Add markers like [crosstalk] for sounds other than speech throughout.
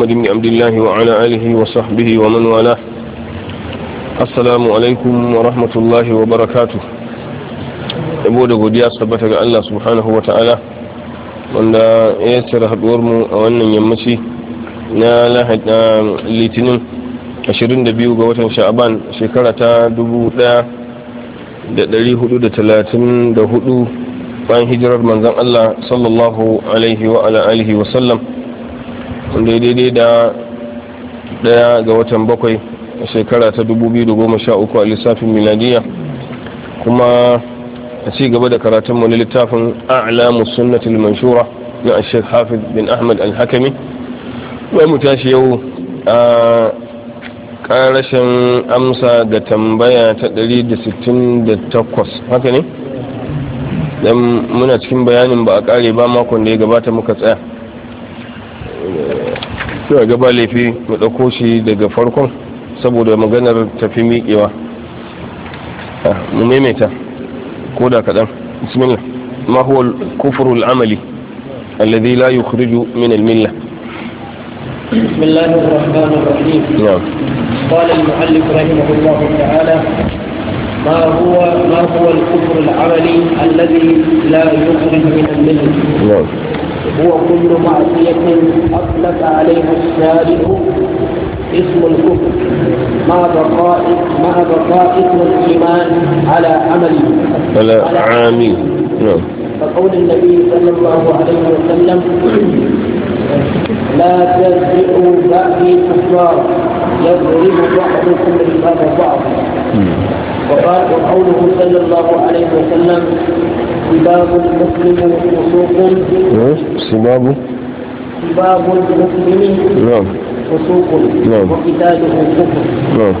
محمد بن عبد الله وعلى آله وصحبه alaikum wa rahmatullahi wa barakatu. yabo da godiya sabbata ga Allah subhanahu wa ta'ala wanda ya tsara haduwar mu a wannan yammaci na litinin 22 ga watan sha'aban shekara ta 1434 bayan hijirar manzon Allah sallallahu alaihi wa ala wa sallam wanda daidai da daya ga watan bakwai a shekara ta da goma sha uku a lissafin miladiya kuma a ci gaba da mu na littafin a'lamu sunnatul manshura na shek hafiz bin ahmad al-hakami wai mu tashi yau a karashin amsa ga tambaya ta da sittin takwas haka ne dan muna cikin bayanin ba a kare ba makon da ya gabata muka tsaya suna gaba laifi mu ɗauko shi daga farkon saboda maganar tafi miƙewa ah, mu maimaita ko da kaɗan bismillah ma huwa amali alladhi la yukhriju min al-milla بسم الله الرحمن الرحيم قال المؤلف رحمه الله تعالى ما هو ما هو الكفر العملي الذي لا يخرج من المله هو كل معصية أطلق عليها الشارع اسم الكفر مع بقاء مع بقاء اسم الإيمان على عمله على عامي نعم فقول النبي صلى الله عليه وسلم لا تزرعوا بعدي كفار يضرب بعضكم رقاب بعض وقال قوله صلى الله عليه وسلم سباب المسلم فسوق سباب سباب المسلم نعم فسوق نعم وقتاله كفر نعم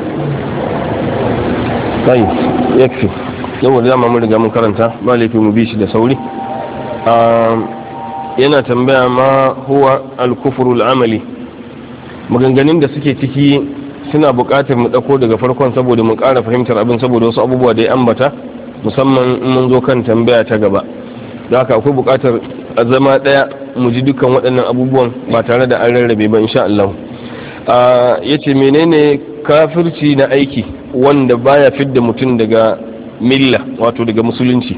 طيب يكفي yawon da mun riga mun karanta ba laifin mu bi shi da sauri yana tambaya ma huwa al-kufru al-amali maganganun da suke ciki suna buƙatar mu ɗauko daga farkon saboda mu ƙara fahimtar abin saboda wasu abubuwa da ya ambata musamman in mun zo kan tambaya ta gaba da haka akwai buƙatar a zama ɗaya mu ji dukkan waɗannan abubuwan ba tare da an rarrabe ba insha Allah ya ce menene kafirci na aiki wanda baya fidda mutum daga milla wato daga musulunci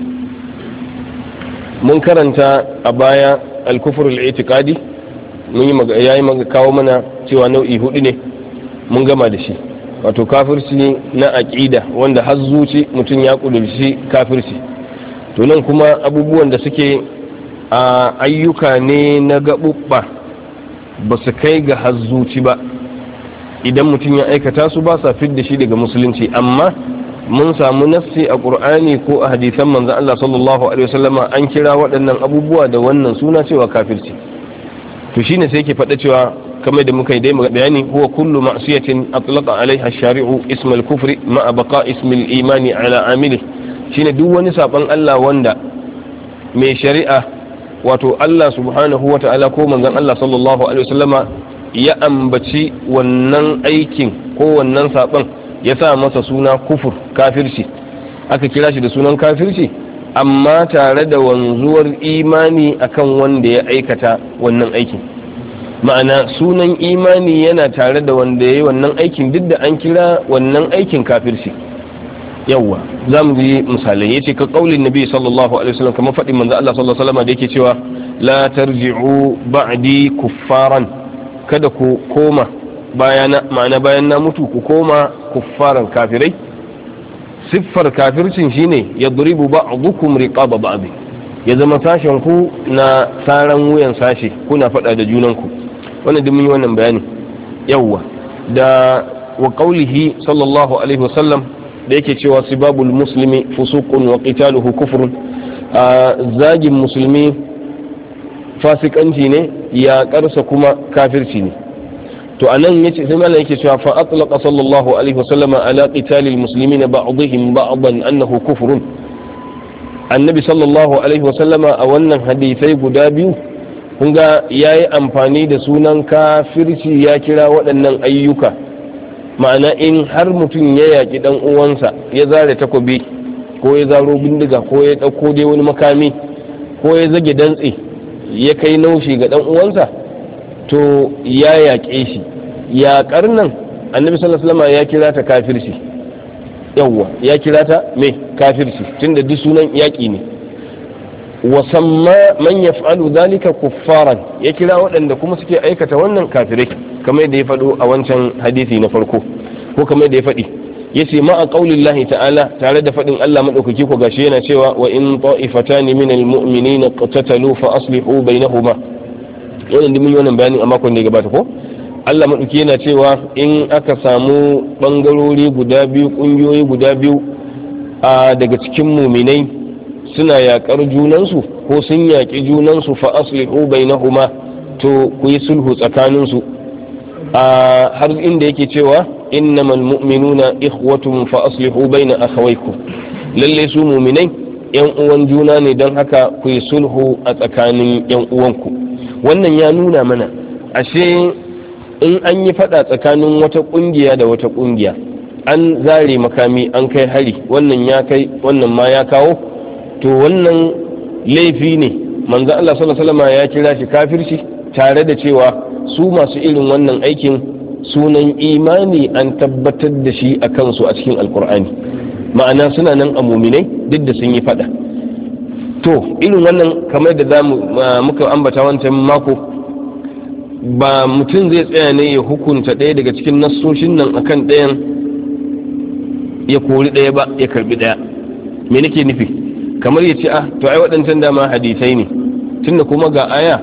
mun karanta a baya al al-itiqadi mun yi kawo mana cewa nau'i hudu ne mun gama da shi wato kafirci na aƙida wanda har zuci mutum ya ƙudurci kafirci to nan kuma abubuwan da suke a ayyuka ne na gaɓuɓɓa ba su kai ga har zuci ba idan mutum ya aikata su ba sa fidda shi daga musulunci amma mun samu nafsi a ƙur'ani ko a hadisan manzan Allah sallallahu alaihi wasallama an kira waɗannan abubuwa da wannan suna cewa kafirci to shine sai ke faɗa cewa kamar da muka yi dai bayani huwa kullu ma'siyatin atlaqa alaiha shari'u ismal kufri ma baqa imani ala amili shine duk wani saban Allah wanda mai shari'a wato Allah subhanahu wa ta'ala ko manzon Allah sallallahu alaihi wasallama ya ambaci wannan aikin ko wannan saban ya sa masa suna kufur kafirci aka kira shi da sunan kafirci amma tare da wanzuwar imani akan wanda ya aikata wannan aikin ma'ana sunan imani yana tare da wanda ya yi wannan aikin duk da an kira wannan aikin kafirci yawwa za mu ji misalai ce ka kaulin nabi sallallahu alaihi wasallam kamar faɗin manzo Allah sallallahu alaihi wasallam da yake cewa la tarji'u ba'di kuffaran kada ku koma bayana ma'ana bayan na mutu ku koma kuffaran kafirai siffar kafircin shine yadribu ba'dukum riqaba ba'd ya zama sashen ku na saran wuyan sashe kuna faɗa da junanku ku wannan duk mun yi wannan bayani yawwa da wa qaulihi sallallahu alaihi wasallam da yake cewa sibabul muslimi fusuqun wa qitaluhu a zagin musulmi fasikanci ne ya karsa kuma kafirci ne to anan yace sai mallan yake cewa fa atlaqa sallallahu alaihi wasallam ala qitalil muslimin ba'dihim ba'dan annahu kufrun annabi sallallahu alaihi wasallam a wannan hadisai guda biyu kun ga ya yi amfani da sunan kafirci ya kira waɗannan ayyuka ma'ana in har mutum ya yaƙi ɗan uwansa ya zare takobi ko ya zaro bindiga ko ya ɗauko dai wani makami ko ya zage dantse ya kai naushi ga ɗan uwansa to ya yaƙe shi ya nan annabi sallallahu ya kira ta kafirci yawwa ya kira ta me kafirci tunda duk sunan yaƙi ne wa samma man yaf'alu zalika kuffaran ya kira waɗanda kuma suke aikata wannan kafirai kamar yadda ya faɗo a wancan hadisi na farko ko kamar yadda ya faɗi yace ma a qaulillahi ta'ala tare da faɗin Allah madaukaki ko gashi yana cewa wa in ta'ifatani minal na qatatalu fa aslihu bainahuma wannan dimin wannan bayanin a makon da ya gabata ko Allah maɗauki yana cewa in aka samu ɓangarori guda biyu ƙungiyoyi guda biyu daga cikin muminai suna yaƙar junansu ko sun yaƙi junansu fa aslihu bainahuma to ku yi sulhu tsakaninsu a har inda yake cewa na mu'minuna ikhwatun fa aslihu baina akhawaykum lalle su mu'minai yan uwan juna ne don haka ku yi sulhu a tsakanin yan uwanku wannan ya nuna mana ashe in an yi fada tsakanin wata kungiya da wata kungiya an zare makami an kai hari wannan ya kai wannan ma ya kawo to wannan laifi ne manzo Allah sallallahu alaihi wasallam ya kira shi kafirci tare da cewa su masu irin wannan aikin sunan imani an tabbatar da shi a kansu a cikin alkur'ani ma'ana suna nan a muminai duk da sun yi fada to irin wannan kamar da za muka ambata wancan mako ba mutum zai tsaya ne ya hukunta ɗaya daga cikin nassoshin nan akan ɗayan ya kori ɗaya ba ya karbi ɗaya me nake nufi kamar ya ce a, ah, to ai waɗancan dama hadisai ne tunda kuma ga aya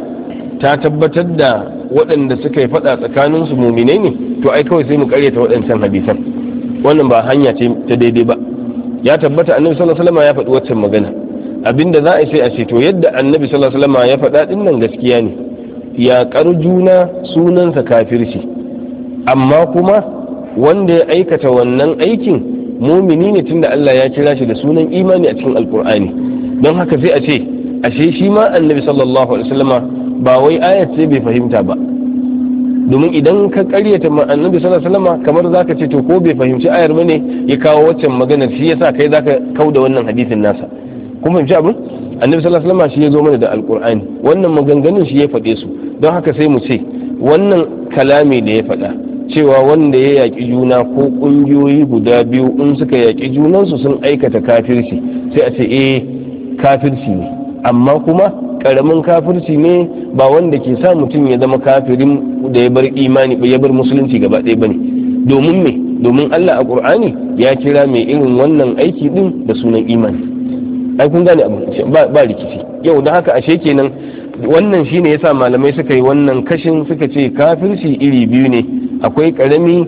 ta tabbatar da waɗanda suka yi faɗa tsakaninsu su muminai ne to ai kawai sai mu karyata waɗancan hadisan wannan ba hanya ce ta daidai ba ya tabbata annabi sallallahu alaihi wasallam ya faɗi waccan magana abinda za a sai a ce to yadda annabi sallallahu alaihi wasallam ya faɗa din nan gaskiya ne yaƙar juna sunansa kafirci amma kuma wanda ya aikata wannan aikin mumini ne tunda Allah ya kira shi da sunan imani a cikin alkur'ani don haka sai a ce ashe shi ma annabi sallallahu alaihi wasallama ba wai ayat sai bai fahimta ba domin idan ka karyata annabi sallallahu alaihi wasallama kamar zaka ce to ko bai fahimci ayar ba ne ya kawo waccan maganar shi yasa kai zaka kauda wannan hadisin nasa kun fahimci abin annabi sallallahu alaihi wasallama shi ya zo mana da alkur'ani wannan maganganun shi ya faɗe su don haka sai mu ce wannan kalami da ya faɗa cewa wanda ya yaƙi juna ko ƙungiyoyi guda biyu in suka yaƙi junansu sun aikata kafirci sai a ce eh kafirci ne amma kuma ƙaramin kafirci ne ba wanda ke sa mutum ya zama kafirin da ya bar imani ya bar musulunci gaba ɗaya ba ne, domin me domin Allah a Qur'ani ya kira mai irin wannan aiki din da sunan imani ai kun gane abu ba rikici yau da haka ashe kenan wannan shi ne yasa malamai suka yi wannan kashin suka ce kafirci iri biyu ne akwai karami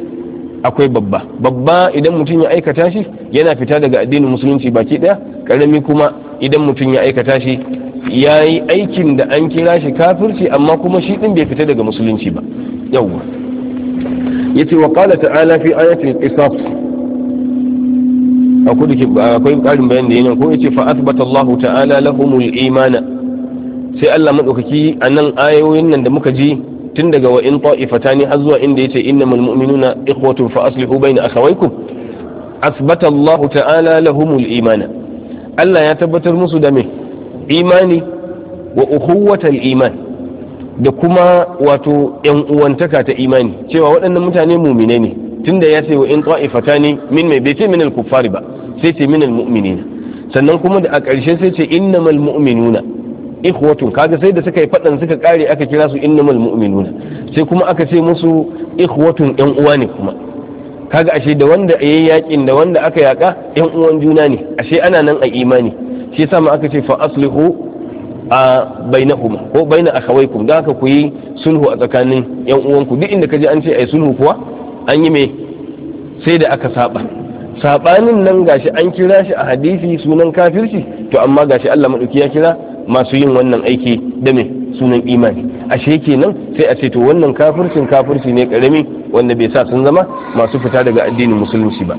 akwai babba babba idan mutum ya aikata shi yana fita daga addinin musulunci baki daya karami kuma idan mutum ya aikata shi ya yi aikin da an kira shi kafirci amma kuma shi din bai fita daga musulunci ba yawwa yace wa qala ta'ala fi ayatil qisas akwai karin bayan da yana ko yace fa asbata Allah ta'ala lahumul imana sai Allah madaukaki a nan ayoyin nan da muka ji tun daga wa in ta'ifatani har zuwa inda yace innamal mu'minuna ikhwatun fa aslihu bayna akhawaykum asbata Allah ta'ala lahumul imana Allah ya tabbatar musu da me imani wa ukhuwatal iman da kuma wato yan uwantaka ta imani cewa waɗannan mutane mumine ne tunda ya ce wa in ta'ifatani min mai bai ce min al-kuffari ba sai ce min al-mu'minina sannan kuma da a ƙarshe sai ce innamal mu'minuna ikhwatun kaga sai da suka yi fadan suka kare aka kira su innamal mu'minuna sai kuma aka ce musu ikhwatun yan uwa ne kuma kaga ashe da wanda yayi yakin da wanda aka yaka yan uwan juna ne ashe ana nan a imani shi yasa ma aka ce fa aslihu a bainahuma ko baina akhawaykum da aka ku yi sulhu a tsakanin yan uwanku duk inda kaje an ce ai sulhu kuwa an yi me sai da aka saba sabanin nan gashi an kira shi a hadisi sunan kafirci to amma gashi Allah madauki ya kira masu yin wannan aiki da me sunan imani ashe kenan sai a ce to wannan kafircin kafirci ne karami wanda bai sa sun zama masu fita daga addinin musulunci ba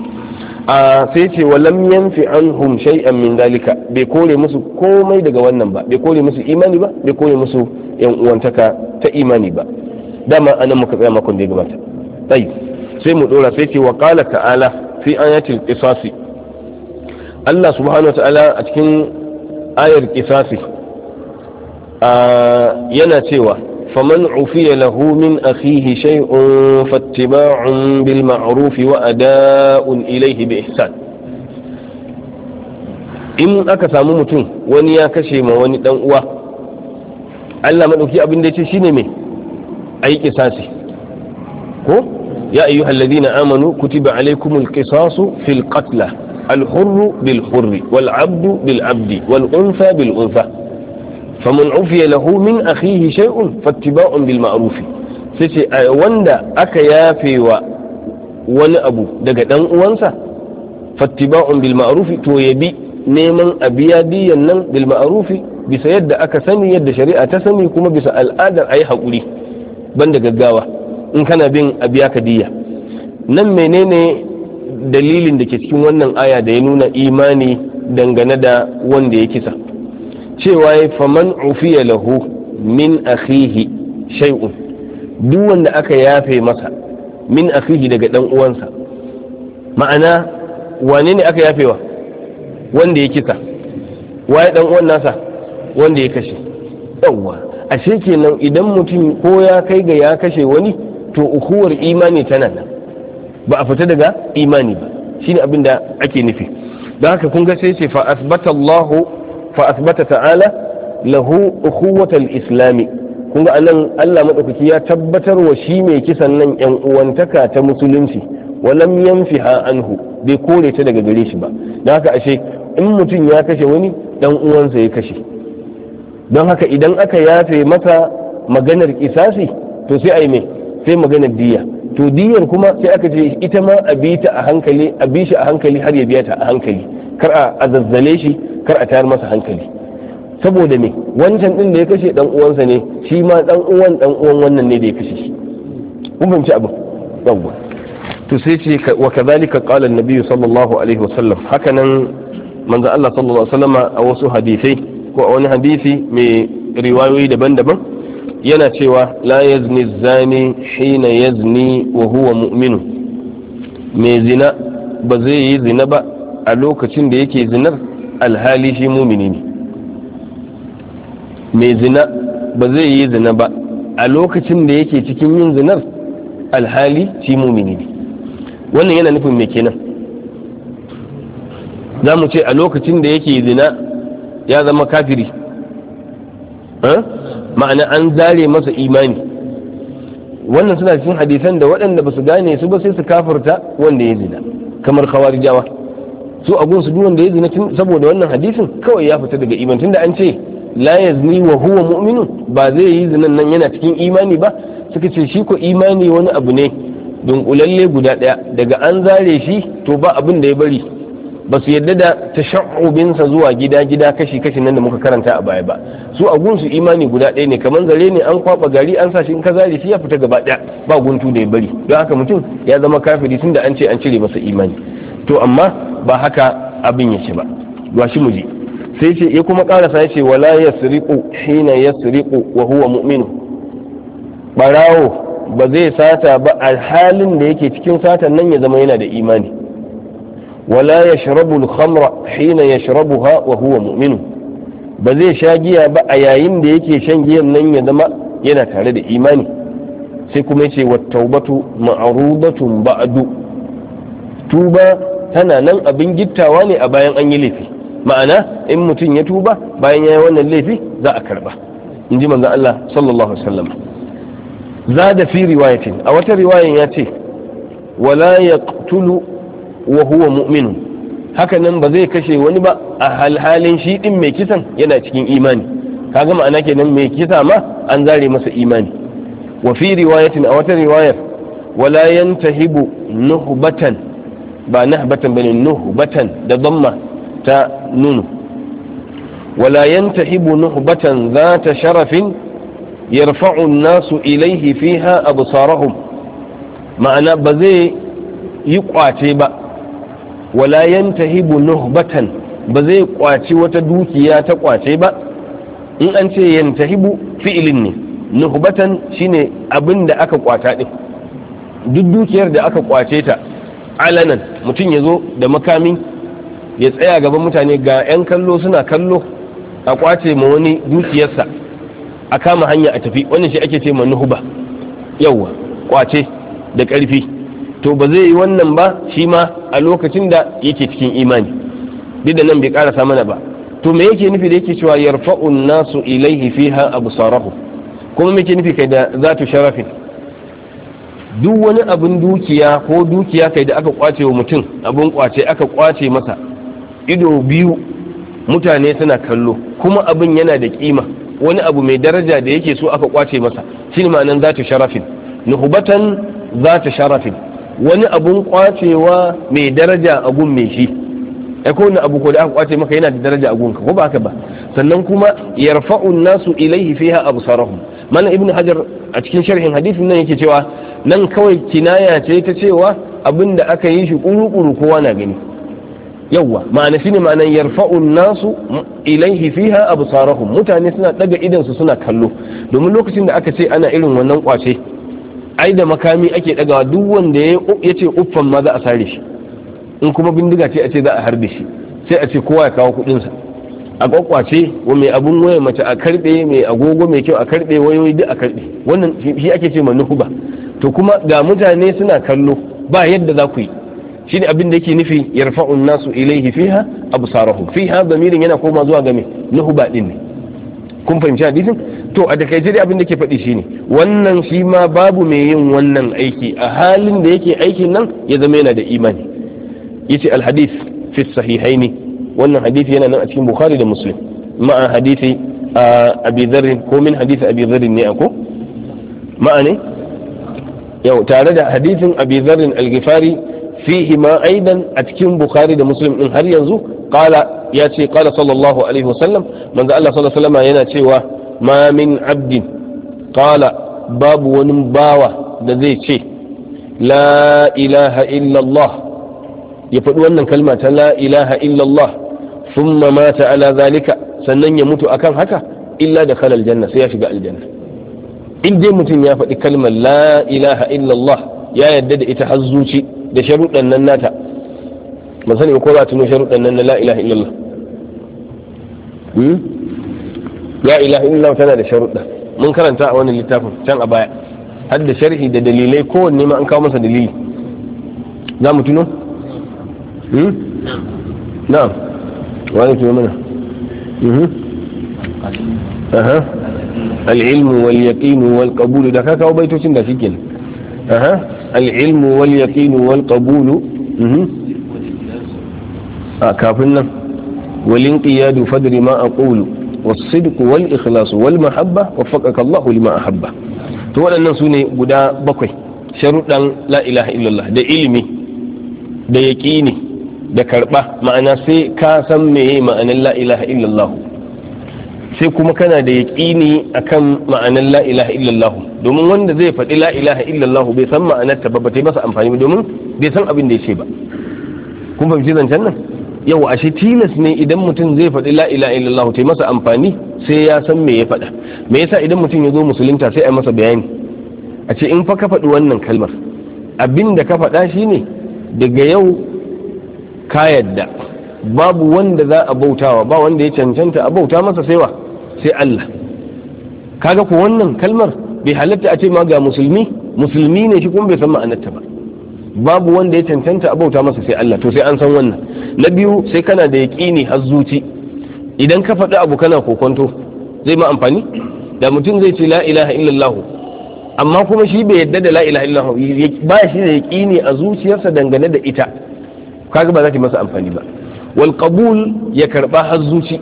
a sai ce lam yanfi anhum shay'an min dalika bai kore musu komai daga wannan ba bai kore musu imani ba bai kore musu yan uwantaka ta imani ba dama anan muka tsaya makon da ya gabata tsayi sai mu dora sai ce wa qala ta'ala fi ayatil qisasi Allah subhanahu wa ta'ala a cikin ayar qisasi yana cewa faman ufiya lahu min akhihi shay'un fattiba'un bil ma'ruf wa ada'un ilayhi bi ihsan in aka samu mutum wani ya kashe ma wani dan uwa Allah madauki abin da yace shine me ayi kisasi ko ya ayyuhal ladina amanu kutiba alaykumul qisasu fil qatla al hurru bil hurri wal abdu bil abdi wal unsa bil unsa famun ufiya lahu min akhihi shay'un fattiba'un bil ma'rufi sai ce wanda aka yafe wani abu daga dan uwansa fattiba'un bil to ya bi neman a biya diyan nan bil ma'rufi bisa yadda aka sani yadda shari'a ta sani kuma bisa al'adar ayi hakuri banda gaggawa in kana bin a ka diya nan menene dalilin da cikin wannan aya da ya nuna imani dangane da wanda ya kisa cewa ya faman ufiya lahu min akhihi shay'un duk wanda aka yafe masa min akhihi daga dan uwansa ma'ana wane ne aka yafewa wanda ya kisa waye dan uwan nasa wanda ya kashe yawwa ashe kenan idan mutum ko ya kai ga ya kashe wani to ukuwar imani tana nan ba a fita daga imani ba shine abin da ake nufi don haka kun ga sai ce fa asbata Allahu fa asbata ta'ala lahu ukhuwatal islami kun ga anan Allah madaukaki ya tabbatar wa shi mai kisan nan yan uwantaka ta musulunci walam yanfiha anhu bai kore ta daga gare shi ba dan haka ashe in mutum ya kashe wani dan uwansa ya kashe don haka idan aka yafe masa maganar kisasi to sai a yi mai sai maganar diyya to diyar kuma sai aka ce ita ma a bi ta a hankali a bi shi a hankali har ya biya ta a hankali kar a zazzale shi kar a tayar masa hankali saboda me wancan din da ya kashe dan uwansa ne shi ma dan uwan dan uwan wannan ne da ya kashe shi kun fahimci abin yawwa to sai ce wa kadhalika qala an-nabi sallallahu alaihi sallam haka nan manzo Allah sallallahu alaihi sallama a wasu hadisai ko a wani hadisi mai riwayoyi daban-daban yana cewa la yazni zani hina yazni wa huwa mu'minu me zina ba zai yi zina ba a lokacin da yake zinar alhali shi mumini ne me zina ba zai yi zina ba a lokacin da yake cikin yin zinar alhali shi mumini ne wannan yana nufin me kenan za mu ce a lokacin da yake zina ya zama kafiri eh? ma'ana an zare masa imani wannan suna cikin hadisan da waɗanda ba su gane su ba sai su kafarta wanda ya zina kamar khawarijawa su a gunsu duk wanda ya zina saboda wannan hadisin kawai ya fita daga iman tunda an ce la yazni wa huwa mu'minu ba zai yi zinan nan yana cikin imani ba suka ce shi ko imani wani abu ne dunkulalle guda ɗaya daga an zare shi to ba abin da ya bari ba su yadda da tashaubinsa zuwa gida gida kashi kashi nan da muka karanta a baya ba su a gunsu imani guda ɗaya ne kamar zare ne an kwaba gari an sa shi in ka zare shi ya fita gaba ɗaya ba guntu da ya bari don haka mutum ya zama kafiri tun da an ce an cire masa imani to amma ba haka abin ya ce ba gashi mu je sai ce ya kuma karasa ya ce wala yasriqu hina yasriqu wa huwa mu'min barawo ba zai sata ba a halin da yake cikin satan nan ya zama yana da imani wala ya sharabu alhamra hina ya sharabu wa mu'minu ba zai sha giya ba a yayin da yake shan giyan nan ya zama yana tare da imani sai kuma yace wa taubatu ma'rudatun tuba tana nan abin gittawa ne a bayan an yi laifi ma'ana in mutum ya tuba bayan ya yi wannan laifi za a karba in ji Allah sallallahu alaihi Za zada fi riwayatin a wata riwayan ya ce wala yaqtulu wa huwa mu'min haka nan ba zai kashe wani ba a halhalin shi din mai kisan yana cikin imani kaga ma'ana kenan mai kisa ma an zare masa imani wa fi riwayatin a wata riwayar wala yantahibu nuhbatan ba nahbatan bane nuhbatan da damma ta nunu wala yantahibu nuhbatan zata sharafin yarfa'u an-nasu ilayhi fiha absarahum ma'ana ba zai yi kwace ba wala tahibu nuhbatan ba zai kwaci wata dukiya ta kwace ba in an ce tahibu fi'ilin ne nuhbatan shine abin da aka kwata din duk dukiyar da aka kwace ta alanan mutum ya zo da makami ya tsaya gaban mutane ga 'yan kallo suna kallo a kwace ma wani dukiyarsa a kama hanya a tafi wannan shi ake ce ma nuhuba kwace da ƙarfi to ba zai yi wannan ba shi ma a lokacin da yake cikin imani duk da nan bai karasa mana ba to me yake nufi da yake cewa yarfa'un nasu ilaihi fiha absarahu kuma me yake nufi kai da zatu sharafin duk wani abin dukiya ko dukiya kai da aka kwace wa mutum abin kwace aka kwace masa ido biyu mutane suna kallo kuma abin yana da kima wani abu mai daraja da yake so aka kwace masa shine ma'anan zatu sharafin nuhbatan zatu sharafin wani abun kwacewa mai daraja a gun mai shi ai ko wani abu ko da aka kwace maka yana da daraja a ka ko ba haka ba sannan kuma yarfa'u nasu ilaihi fiha absarahum mana ibnu hajar a cikin sharhin hadisi nan yake cewa nan kawai kinaya ce ta cewa abin da aka yi shi kuru-kuru kowa na gani yawwa ma'ana shine ma'anan yarfa'u nasu ilaihi fiha absarahum mutane suna daga idan su suna kallo domin lokacin da aka ce ana irin wannan kwace ai da makami ake dagawa duk wanda ya ce uffan ma za a sare shi in kuma bindiga ce a ce za a harbe shi sai a ce kowa ya kawo kudinsa a kwakwace wa mai abun waya mace a karbe mai agogo mai kyau a karbe wayoyi duk a karbe wannan shi ake ce nuhuba to kuma ga mutane suna kallo ba yadda za ku yi shi ne abin da yake nufi yarfa'un nasu ilaihi fiha absarahum fiha damirin yana koma zuwa game nuhuba din ne kun fahimci hadisin to a takaice jiri abin da ke faɗi shine wannan shi ma babu mai yin wannan aiki a halin da yake aikin nan ya zama yana da imani Ya ce alhadis fi sahihaini wannan hadisi yana nan a cikin bukhari da muslim ma'a hadisi a abizarin ko min hadisi abi dharr ne ako ma'a ne yau tare da hadisin abizarin dharr al-ghifari fihi ma aidan a cikin bukhari da muslim ɗin har yanzu qala ya ce qala sallallahu alaihi wasallam manzo Allah sallallahu alaihi wasallam yana cewa mamin min abdin qala babu wani bawa da zai ce la ilaha illallah ya faɗi wannan kalma ta la ilaha illallah thumma mata ala zalika sannan ya mutu akan haka Ila da khalal janna sai ya shiga aljanna in dai mutum ya faɗi kalmar la ilaha illallah ya yarda da ita har zuci da sharuɗan nan nata ban sani ko za ta tuno sharuɗan nan na la ilaha illallah hmm? la ilaha illallah tana da sharuɗa mun karanta a wannan littafin can a baya har da sharhi da dalilai kowanne ma an kawo masa dalili za mu tuno hmm? na'am wani tuno mana hmm? al-ilmu wal yaqinu wal qabulu da ka kawo baitocin da shi kenan العلم واليقين والقبول آه كافلنا والانقياد فدر ما أقول والصدق والإخلاص والمحبة وفقك الله لما أحبه تولى الناس قدا بقي شرطا لا إله إلا الله ده علمي ده يقيني da karba ma'ana sai ka san meye ma'anin la ilaha illallah sai kuma kana da yaƙini akan ma'anar la ilaha illallah domin wanda zai faɗi la ilaha illallah bai san ma'anar ta ba ba ta masa amfani ba domin bai san abin da ya ce ba kun fahimci zancen nan yau ashe tilas ne idan mutum zai faɗi la ilaha illallah ta masa amfani sai ya san me ya faɗa me yasa idan mutum ya zo musulunta sai a masa bayani a ce in fa ka faɗi wannan kalmar abin da ka faɗa shine daga yau ka yadda babu wanda za a bautawa ba wanda ya cancanta a bauta masa saiwa sai Allah kaga ku wannan kalmar bai halatta a ce ma ga musulmi musulmi ne shi kuma bai san ma'anarta ba babu wanda ya cancanta abauta masa sai Allah to sai an san wannan na biyu sai kana da yaqini har zuci idan ka faɗi abu kana kokonto zai ma amfani da mutum zai ce la ilaha illallah amma kuma shi bai yadda da la ilaha illallah ba shi da yaqini a zuciyarsa dangane da ita kaga ba za ta masa amfani ba wal qabul ya karba har zuci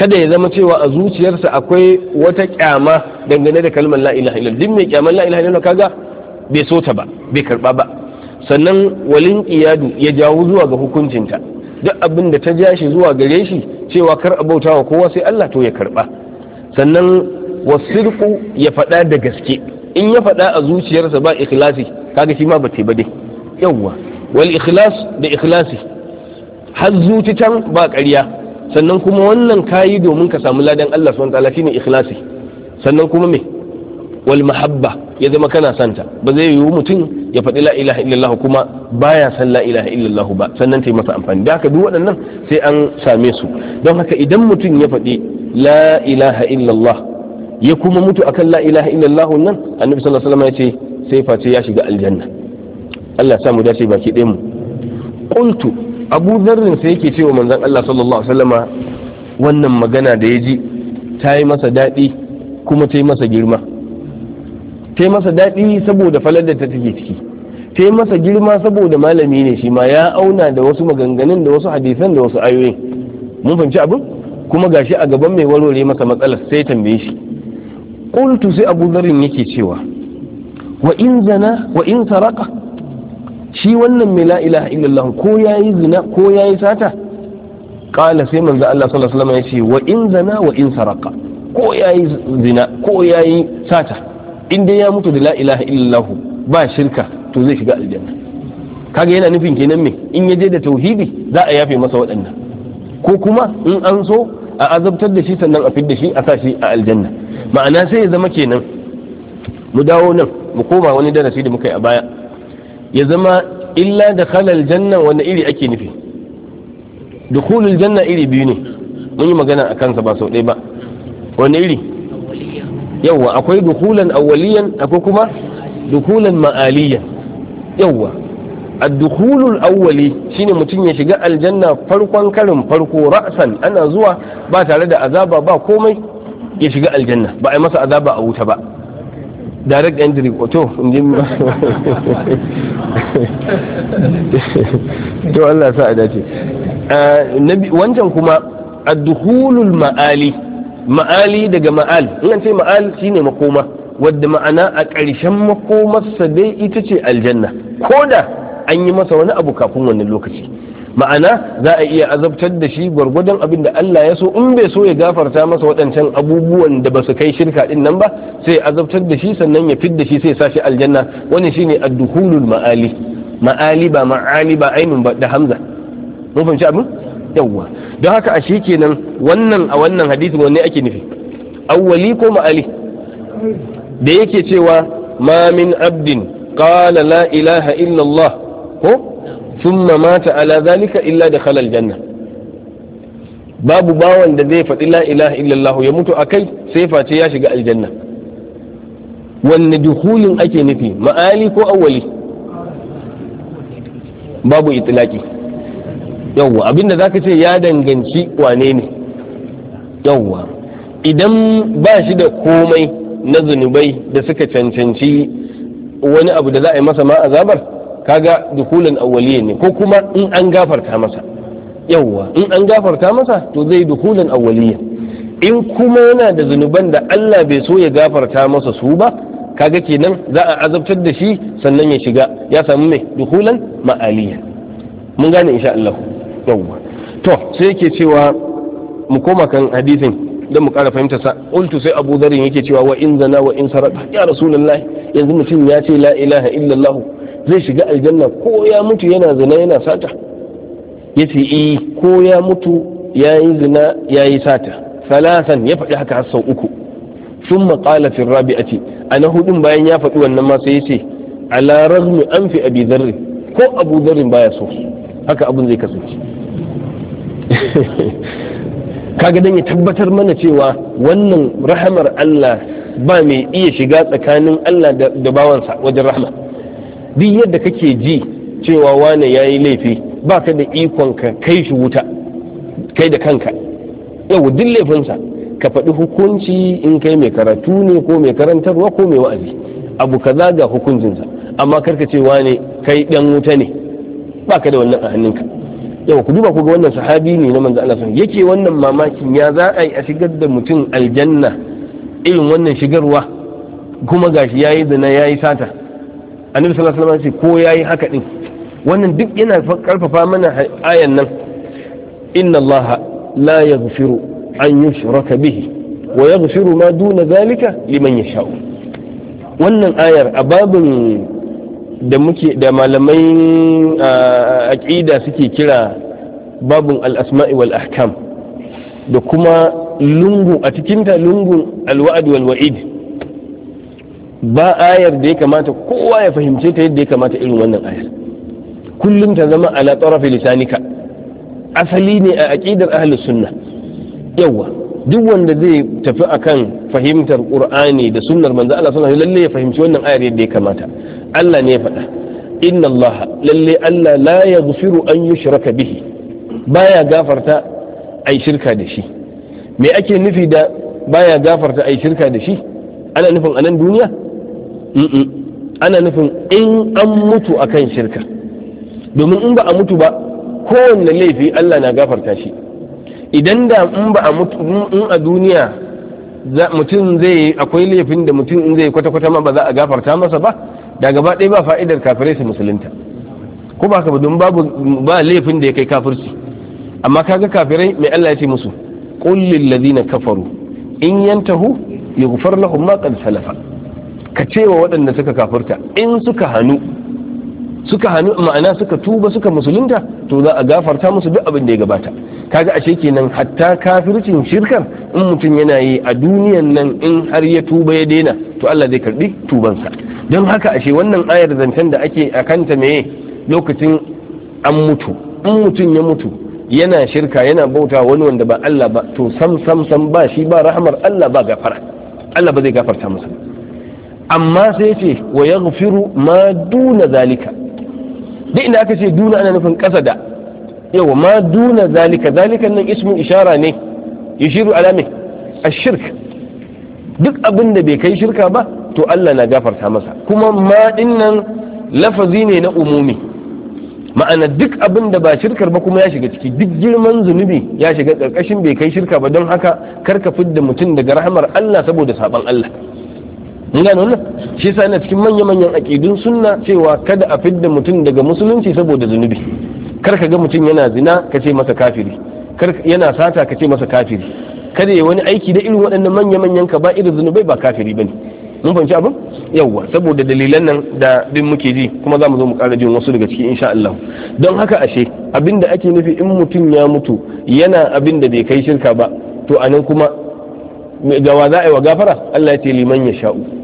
kada ya zama cewa a zuciyarsa akwai wata kyama dangane da kalmar la ilaha illallah duk mai kyamar la ilaha illallah kaga bai so ta ba bai karba ba sannan walin iyadu ya jawo zuwa ga hukuncinta duk abin da ta ja zuwa gare shi cewa kar a bauta wa kowa sai Allah to ya karba sannan wasirku ya faɗa da gaske in ya faɗa a zuciyarsa ba ikhlasi kaga shi ma ba ba dai yawwa wal ikhlas da ikhlasi har zuci can ba ƙarya sannan kuma wannan kayi domin ka samu ladan Allah subhanahu wataala shine ikhlasi sannan kuma me wal mahabba ya zama kana santa ba zai yiwu mutum ya faɗi la ilaha illallah kuma baya san la ilaha illallah ba sannan ta yi masa amfani da haka duk waɗannan sai an same su don haka idan mutum ya faɗi la ilaha illallah ya kuma mutu akan la ilaha illallah nan annabi sallallahu alaihi wasallam ya ce sai face ya shiga aljanna Allah ya mu dace baki ɗayan mu qultu abu zarrin sai yake cewa manzan Allah sallallahu alaihi wasallama wannan magana da ya ji ta yi masa daɗi kuma ta yi masa girma ta yi masa daɗi saboda falar ta take ciki ta yi masa girma saboda malami ne shi ma ya auna da wasu maganganun da wasu hadisan da wasu ayoyin mun fahimci abin kuma gashi a gaban mai warware masa matsalar sai tambaye shi qultu sai abu zarrin yake cewa wa in zana wa in saraka shi wannan mai la'ilaha illallah ko ya yi zina ko ya yi sata Kala sai manzo Allah sallallahu alaihi wasallam ce wa in zana wa in saraka ko yi zina ko ya yi sata in dai ya mutu da la'ilaha illallah ba shirka to zai shiga aljanna kaga yana nufin kenan me in ya je da tauhidi za a yafe masa waɗannan ko kuma in an so a azabtar da shi sannan a fidda shi a sa shi a aljanna ma'ana sai ya zama kenan mu dawo nan mu koma wani darasi da muka yi a baya ya zama illa da khalal janna wanda iri ake nufi dukulul janna iri biyu ne mun yi magana a kansa ba sau ɗaya ba wanda iri yawwa akwai dukulan awwaliyan akwai kuma dukulan ma'aliyan yawwa awali awwali shine mutum ya shiga aljanna farkon karin farko ra'san ana zuwa ba tare da azaba ba komai ya shiga aljanna ba a yi masa azaba a wuta ba direct entry to [laughs] to Allah sa a dace eh, wancan kuma ma'ali ma'ali daga ma'al in ma'al shine makoma wadda ma'ana a ƙarshen makomarsa dai ita ce aljanna ko da an yi masa wani abu kafin wannan lokaci ma'ana za a iya azabtar da shi gwargwadon abin da Allah ya so in bai so ya gafarta masa waɗancan abubuwan da ba su kai shirka din nan ba sai ya azabtar da shi sannan ya fidda shi sai ya sashi aljanna wani shine ad ma'ali ma'ali ba ma'ali ba ainun ba da hamza mun fahimci abin yawwa don haka a shi kenan wannan a wannan hadisin wanne ake nufi awwali ko ma'ali da yake cewa ma min abdin qala la ilaha illallah ko thumma mata ala zalika illa da khalal janna babu bawan da zai faɗi la ilaha illallah ya mutu akai sai face ya shiga aljanna wanne duhulin ake nufi ma'ali ko awwali babu itilaki yawwa abinda zaka ce ya danganci wane ne yawwa idan ba shi da komai na zunubai da suka cancanci wani abu da za a yi masa ma azabar kaga dukulan awwaliyyin ne ko kuma in an gafarta masa yawwa in an gafarta masa to zai dukulan awwaliyin in kuma yana da zunuban da Allah bai so ya gafarta masa su ba kaga kenan za a azabtar da shi sannan ya shiga ya samu mai dukulan ma'aliya mun gane insha Allah yawwa to sai yake cewa mu koma kan hadisin don mu kara fahimta sa ultu sai abu zarin yake cewa wa in zana wa in saraka ya rasulullahi yanzu mutum ya ce la ilaha illallah zai shiga aljanna ko ya mutu yana zina yana sata ya ce eh ko ya mutu ya yi zina ya yi sata salasan ya faɗi haka sau uku sun maƙala fin ce. a na hudun bayan ya faɗi wannan ma sai ya ce larar mu an fi abi zarri ko abu zarrin baya so haka abin zai kasance [laughs] kaga dan ya tabbatar mana cewa wannan rahamar Allah ba mai iya shiga tsakanin Allah da bawansa wajen rahama duk yadda kake ji cewa wane ya yi laifi ba ka da ikon ka kai shi wuta kai da kanka yau duk laifinsa ka faɗi hukunci in kai mai karatu ne ko mai karantarwa ko mai wa'azi abu kaza ga hukuncinsa amma karka ce wane kai ɗan wuta ne ba ka da wannan a hannunka yau ku duba ku ga wannan sahabi ne na manzo Allah yake wannan mamakin ya za a yi a shigar da mutum aljanna irin wannan shigarwa kuma gashi yayi zina yayi sata annabi sallallahu alaihi wasallam ko yayi haka din wannan duk yana karfafa mana ayan nan inna allaha la yaghfiru an yushraka bihi wa yaghfiru ma duna zalika liman yasha wannan ayar a babin da muke da malamai aqida suke kira babun al-asma'i wal ahkam da kuma lungu a cikinta lungun al-wa'd wal wa'id ba ayar da ya kamata kowa ya fahimce ta yadda ya kamata irin wannan ayar kullum ta zama ala tarafi lisanika asali ne a aqidar ahli sunna yawa duk wanda zai tafi akan fahimtar qur'ani da sunnar manzo Allah sallallahu alaihi lalle ya fahimci wannan ayar yadda ya kamata Allah ne ya faɗa inna Allah lalle Allah la yaghfiru an yushraka bihi baya gafarta ai shirka da shi me ake nufi da baya gafarta ai shirka da shi ana nufin a nan duniya ana nufin in an mutu akan shirka domin in ba a mutu ba kowanne laifi Allah na gafarta shi idan da in ba a mutu in a duniya mutum zai akwai laifin da mutum in zai kwata-kwata ma ba za a gafarta masa ba da gaba ɗaya ba fa'idar kafirai su musulunta ko ba ka don ba laifin da ya kai kafirci amma kaga kafirai mai Allah ya ce musu qul lil ladina kafaru in yantahu yughfar lahum ma qad salafa ka ce wa waɗanda suka kafurta in suka hannu suka hannu ma'ana suka tuba suka musulunta to za a gafarta musu duk abin da ya gabata kaga ashe kenan hatta kafircin shirkar in mutum yana yi a duniyan nan in har ya tuba ya daina to Allah zai karbi tubansa don haka ashe wannan ayar zancen da ake akanta meye lokacin an mutu in mutum ya mutu yana shirka yana bauta wani wanda ba Allah ba to sam sam sam ba shi ba rahamar Allah ba gafara Allah ba zai gafarta musu. amma sai ce wa yaghfiru ma duna zalika duk inda aka ce duna ana nufin ƙasa da yawa ma duna zalika zalika nan ismu ishara ne shiru alame a ashirk duk abin da bai kai shirka ba to Allah na gafarta masa kuma ma din nan lafazi ne na umumi ma'ana duk abin da ba shirkar ba kuma ya shiga ciki duk girman zunubi ya shiga karkashin bai kai shirka ba don haka karka fidda mutum daga rahamar Allah saboda saban Allah ina nuna shi sa ina cikin manya-manyan aƙidun sunna cewa kada a fidda mutum daga musulunci saboda zunubi kar ka ga mutum yana zina ka masa kafiri kar yana sata kace ce masa kafiri kada ya wani aiki da irin waɗannan manya-manyan ka ba irin zunubai ba kafiri bane mun fahimci abin yawwa saboda dalilan nan da din muke ji kuma za mu zo mu ƙara jin wasu daga ciki insha Allah don haka ashe abinda ake nufi in mutum ya mutu yana abin da bai kai shirka ba to anan kuma gawa za a yi wa gafara Allah ya ce liman ya sha'u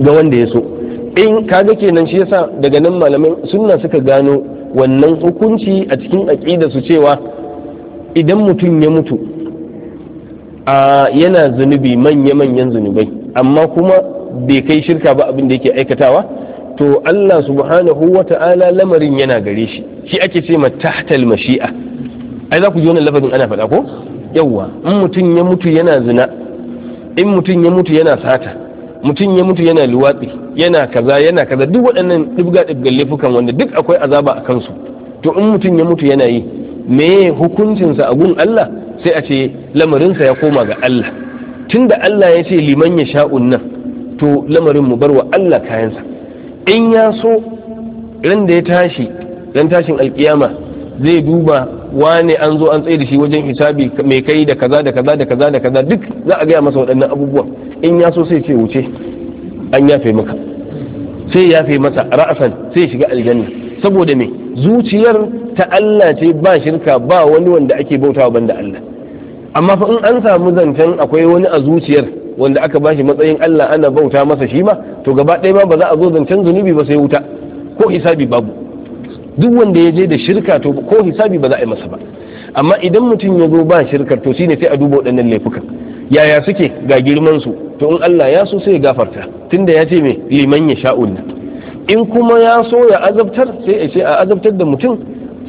ga wanda ya so in kaga kenan shi yasa daga nan malamai sunna suka gano wannan hukunci a cikin aƙida su cewa idan mutum ya mutu a yana zunubi manya-manyan zunubai amma kuma bai kai shirka ba abin da yake aikatawa to Allah subhanahu wa ta'ala lamarin yana gare shi shi ake ce tahtal mashi'a ai za ku ji wannan lafazin ana faɗa ko yawwa in mutum ya mutu yana zina in mutum ya mutu yana sata mutum ya mutu yana luwatsi yana kaza yana kaza duk waɗannan ɗibga ɗibgan laifukan wanda duk akwai azaba a kansu to in mutum ya mutu yana yi me hukuncinsa a gun Allah sai a ce lamarinsa ya koma ga Allah tunda Allah ya ce liman ya sha'un nan to lamarin mu bar wa Allah kayansa in ya so ran da ya tashi ran tashin alkiyama zai duba wane an zo an tsaye da shi wajen hisabi mai kai da kaza da kaza da kaza da kaza duk za a gaya masa waɗannan abubuwan in ya so sai ce wuce an yafe maka sai ya fi masa ra'asan sai shiga aljanna saboda me zuciyar ta Allah ce ba shirka ba wani wanda ake bautawa banda Allah amma fa in an samu zancen akwai wani a zuciyar wanda aka bashi matsayin Allah ana bauta masa shi ma to gaba ɗaya ma ba za a zo zancen zunubi ba sai wuta ko hisabi babu duk wanda ya je da shirka to ko hisabi ba za a yi masa ba amma idan mutum ya zo ba shirka to shine sai a duba waɗannan laifukan yaya suke ga girman su to in Allah ya so sai ya gafarta tunda ya ce me liman ya sha'ul in kuma ya so ya azabtar sai ya ce a azabtar da mutum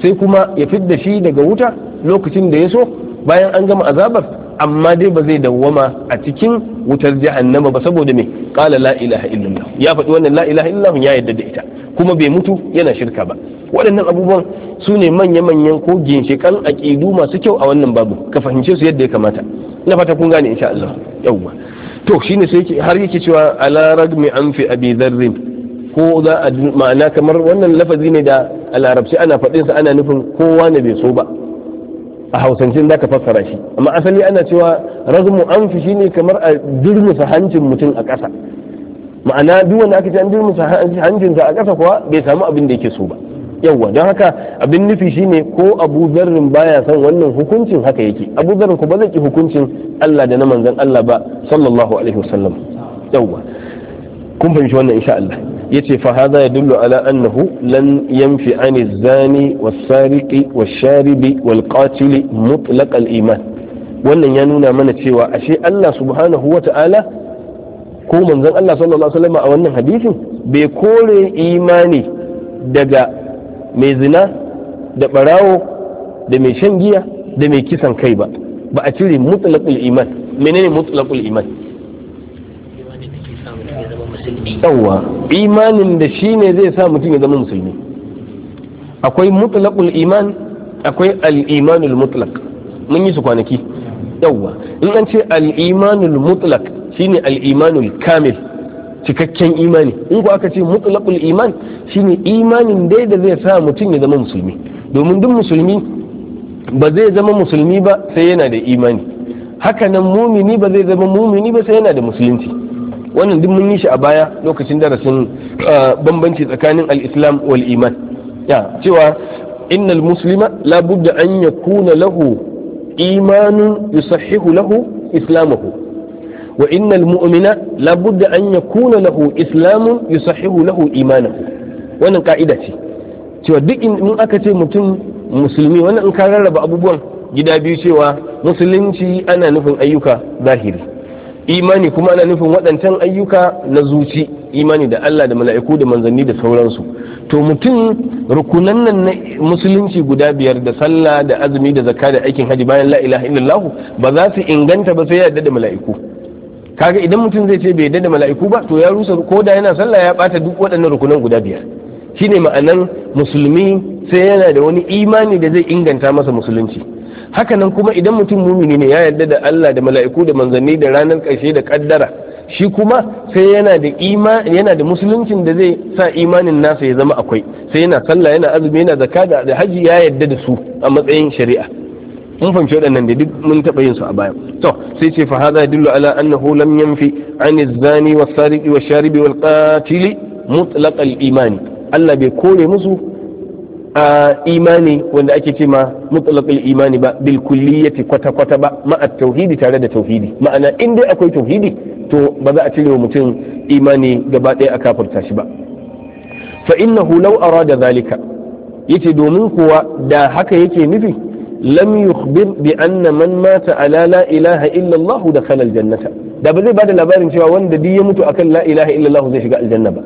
sai kuma ya fidda shi daga wuta lokacin da ya so bayan an gama azabar amma dai ba zai dawwama a cikin wutar jahannama ba saboda me qala la ilaha illallah ya faɗi wannan la ilaha illallah ya yadda da ita kuma bai mutu yana shirka ba waɗannan abubuwan su ne manya-manyan ko ginshikan aƙidu masu kyau a wannan babu ka fahimce su yadda ya kamata na fata kun gane insha Allah yawwa to shine sai har yake cewa ala ragmi an fi abi ko za a ma'ana kamar wannan lafazi ne da al'arabci ana faɗin sa ana nufin kowa ne bai so ba a hausancin ka fassara shi amma asali ana cewa ragmu an fi shine kamar a durmusa hancin mutum a ƙasa ma'ana duk wanda aka ce an jirmusa hanjinsa a ƙasa kuwa bai samu abin da yake so ba yawwa don haka abin nufi shine ko abu zarrin baya son wannan hukuncin haka yake abu zarrin ku ba zai ki hukuncin Allah da na manzon Allah ba sallallahu alaihi wasallam yawwa kun fahimci wannan insha Allah yace fa hadha yadullu ala annahu lan yanfi ani zani was-sariqi wash-sharibi wal-qatili mutlaq iman wannan ya nuna mana cewa ashe Allah subhanahu wata'ala ko manzon Allah sallallahu alaihi wasallam a wannan hadisin bai kore imani daga mai zina da barawo da mai shan giya da mai kisan kai ba ba a cire mutlaqul iman menene mutlaqul iman yawa imanin da shi ne zai sa mutum ya zama musulmi akwai mutlaqul iman akwai al-imanul mutlaq mun yi su kwanaki yawa in an ce al-imanul mutlaq shine al-imanul kamil cikakken imani in ku aka ce mutlaqul iman shine imanin dai da zai sa mutum ya zama musulmi domin duk musulmi ba zai zama musulmi ba sai yana da imani Haka hakanan mumini ba zai zama mumini ba sai yana da musulunci wannan duk mun yi shi a baya lokacin darasin uh, bambanci tsakanin al-islam wal iman ya cewa innal muslima labudda an yakuna lahu imanun yusahihu lahu islamahu wa innal mu'mina labudda an yakuna lahu islamun yusahihu lahu imanahu wannan ka'ida ce cewa duk in aka ce mutum musulmi wannan in ka rarraba abubuwan gida biyu cewa musulunci ana nufin ayyuka zahiri imani kuma ana nufin waɗancan ayyuka na zuci imani da Allah da mala'iku da manzanni da sauransu to mutum rukunan nan na musulunci guda biyar da sallah da azumi da zakka da aikin haji bayan la ilaha illallah ba za su inganta ba sai ya yarda da mala'iku kaga idan mutum zai ce bai yadda da mala'iku ba to ya rusa ko da yana sallah ya bata duk waɗannan rukunan guda biyar shine ma'anan musulmi sai yana da wani imani da zai inganta masa musulunci hakanan kuma idan mutum mumini ne ya yarda da Allah da mala'iku da manzanni da ranar ƙarshe da kaddara shi kuma sai yana da imani yana da musuluncin da zai sa imanin nasa ya zama akwai sai yana sallah yana azumi yana zakka da haji ya yarda da su a matsayin shari'a mun fahimci waɗannan da duk mun taɓa yin su a baya to sai ce fa hada yadullu ala annahu lam yanfi an zani wa sariqi was sharibi wal qatil imani Allah bai kore musu a imani wanda ake ce ma imani ba bil kulliyati kwata kwata ba ma at tauhidi tare da tauhidi ma'ana in dai akwai tauhidi to ba za a cire wa mutum imani gaba ɗaya a kafirta shi ba fa innahu law arada zalika yace domin kuwa da haka yake nufi lam yukhbir bi anna man mata ala la ilaha illa Allah dakhala aljannata da ba zai bada labarin cewa wanda duk ya mutu akan la ilaha illa Allah zai shiga aljanna ba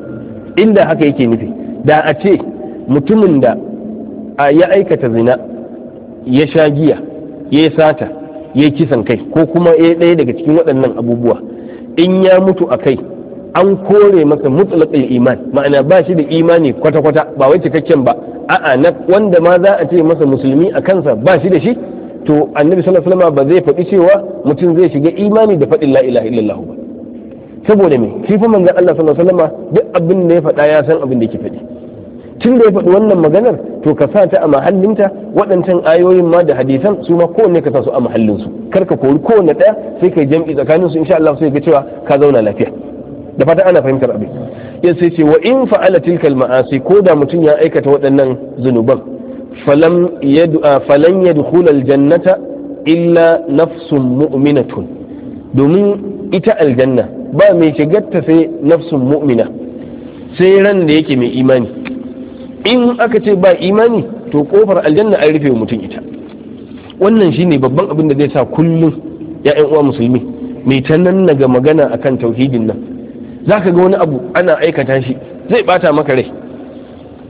inda haka yake nufi da a ce mutumin da ya aikata zina ya sha giya ya sata ya kisan kai ko kuma ya ɗaya daga cikin waɗannan abubuwa in ya mutu a kai an kore masa mutlaqil iman ma'ana ba shi da imani kwata kwata ba wai cikakken ba a'a na wanda ma za a ce masa musulmi a kansa ba shi da shi to annabi sallallahu alaihi ba zai faɗi cewa mutum zai shiga imani da faɗin la ilaha illallah ba saboda me shi fa manzon Allah sallallahu alaihi wasallam duk abin da ya faɗa ya san abin da yake faɗi tun da ya faɗi wannan maganar to ka sa ta a mahallinta waɗancan ayoyin ma da hadisan su ma kowanne ka sa su a mahallinsu kar ka kori kowanne ɗaya sai ka jam'i tsakaninsu insha Allah sai ka cewa ka zauna lafiya da fatan ana fahimtar abin ya sai ce wa in fa'ala tilkal ma'asi ko da mutum ya aikata waɗannan zunuban falam yad'a falan yadkhul al-jannata illa nafsun mu'minatun domin ita aljanna ba mai shigarta sai nafsun mu'mina sai ran da yake mai imani in aka ce ba imani to kofar aljanna an rufe mutum ita wannan shine babban abin da zai sa kullum ya'yan uwa musulmi mai ta nan ga magana akan tauhidin nan za ka ga wani abu ana aikata shi zai bata maka rai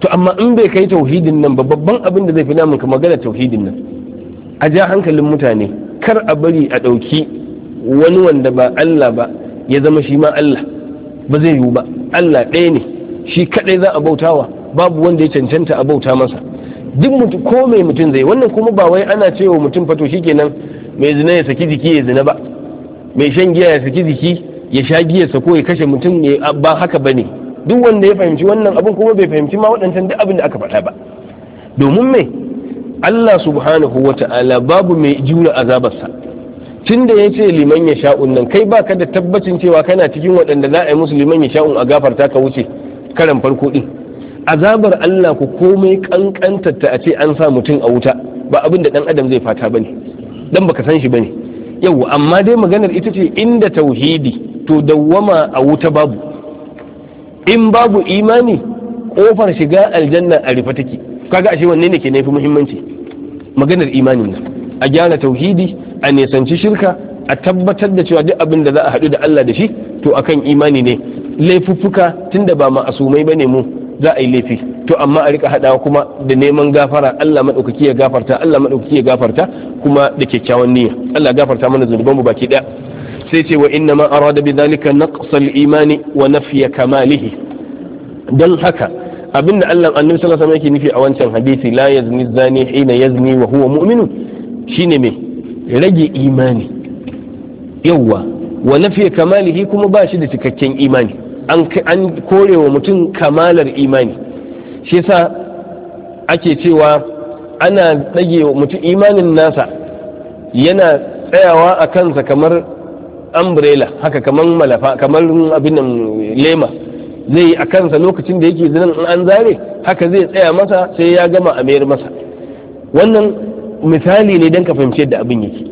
to amma in bai kai tauhidin nan ba babban abin da zai fi namun ka magana tauhidin nan a ja hankalin mutane kar a bari a ɗauki wani wanda ba Allah ba ya zama shi ma Allah ba zai yiwu ba Allah ɗaya ne shi kaɗai za a bautawa babu wanda ya cancanta a bauta masa duk mutum ko mai mutum zai wannan kuma ba wai ana cewa mutum fato shi shikenan mai zina ya saki jiki ya zina ba mai shan giya ya saki jiki ya sha giyarsa ko ya kashe mutum ne ba haka ba ne duk wanda ya fahimci wannan abin kuma bai fahimci ma waɗancan duk abin da aka faɗa ba domin me Allah subhanahu wa ta'ala babu mai jura azabarsa tun da ya ce liman ya sha'un nan kai ba ka da tabbacin cewa kana cikin waɗanda za a yi musu liman ya sha'un a gafarta ka wuce karan farko din azabar Allah ku komai kankantar ta a ce an sa mutum a wuta ba abin da dan adam zai fata bane dan baka san shi bane yau amma dai maganar ita ce inda tauhidi to dawwama a wuta babu in babu imani kofar shiga aljanna a rufe take kaga ashe wanne ne ke nafi muhimmanci maganar imanin nan a gyara tauhidi a nisanci shirka a tabbatar da cewa duk abin da za a haɗu da Allah da shi to akan imani ne laifuffuka tunda ba ma'asumai bane mu za a yi laifi to amma a rika haɗawa kuma da neman gafara Allah madaukaki ya gafarta Allah madaukaki ya gafarta kuma da kyakkyawan niyya Allah gafarta mana zunubanmu baki ɗaya sai ce wa inna ma arada bi zalika naqsal imani wa nafya kamalihi dan haka abinda Allah annabi sallallahu alaihi wasallam yake nufi a wancan hadisi la yazni zani hina yazni wa huwa mu'minun shine me rage imani yawa wa nafiya kamalihi kuma ba shi da cikakken imani an kore wa mutum kamalar imani shi yasa ake cewa ana ɗage mutum imanin nasa yana tsayawa a kansa kamar umbrella haka kamar malafa kamar abin nan lema zai a kansa lokacin da yake zinin in an zare haka zai tsaya masa sai ya gama a mayar masa wannan misali ne don ka fahimci yadda abin yake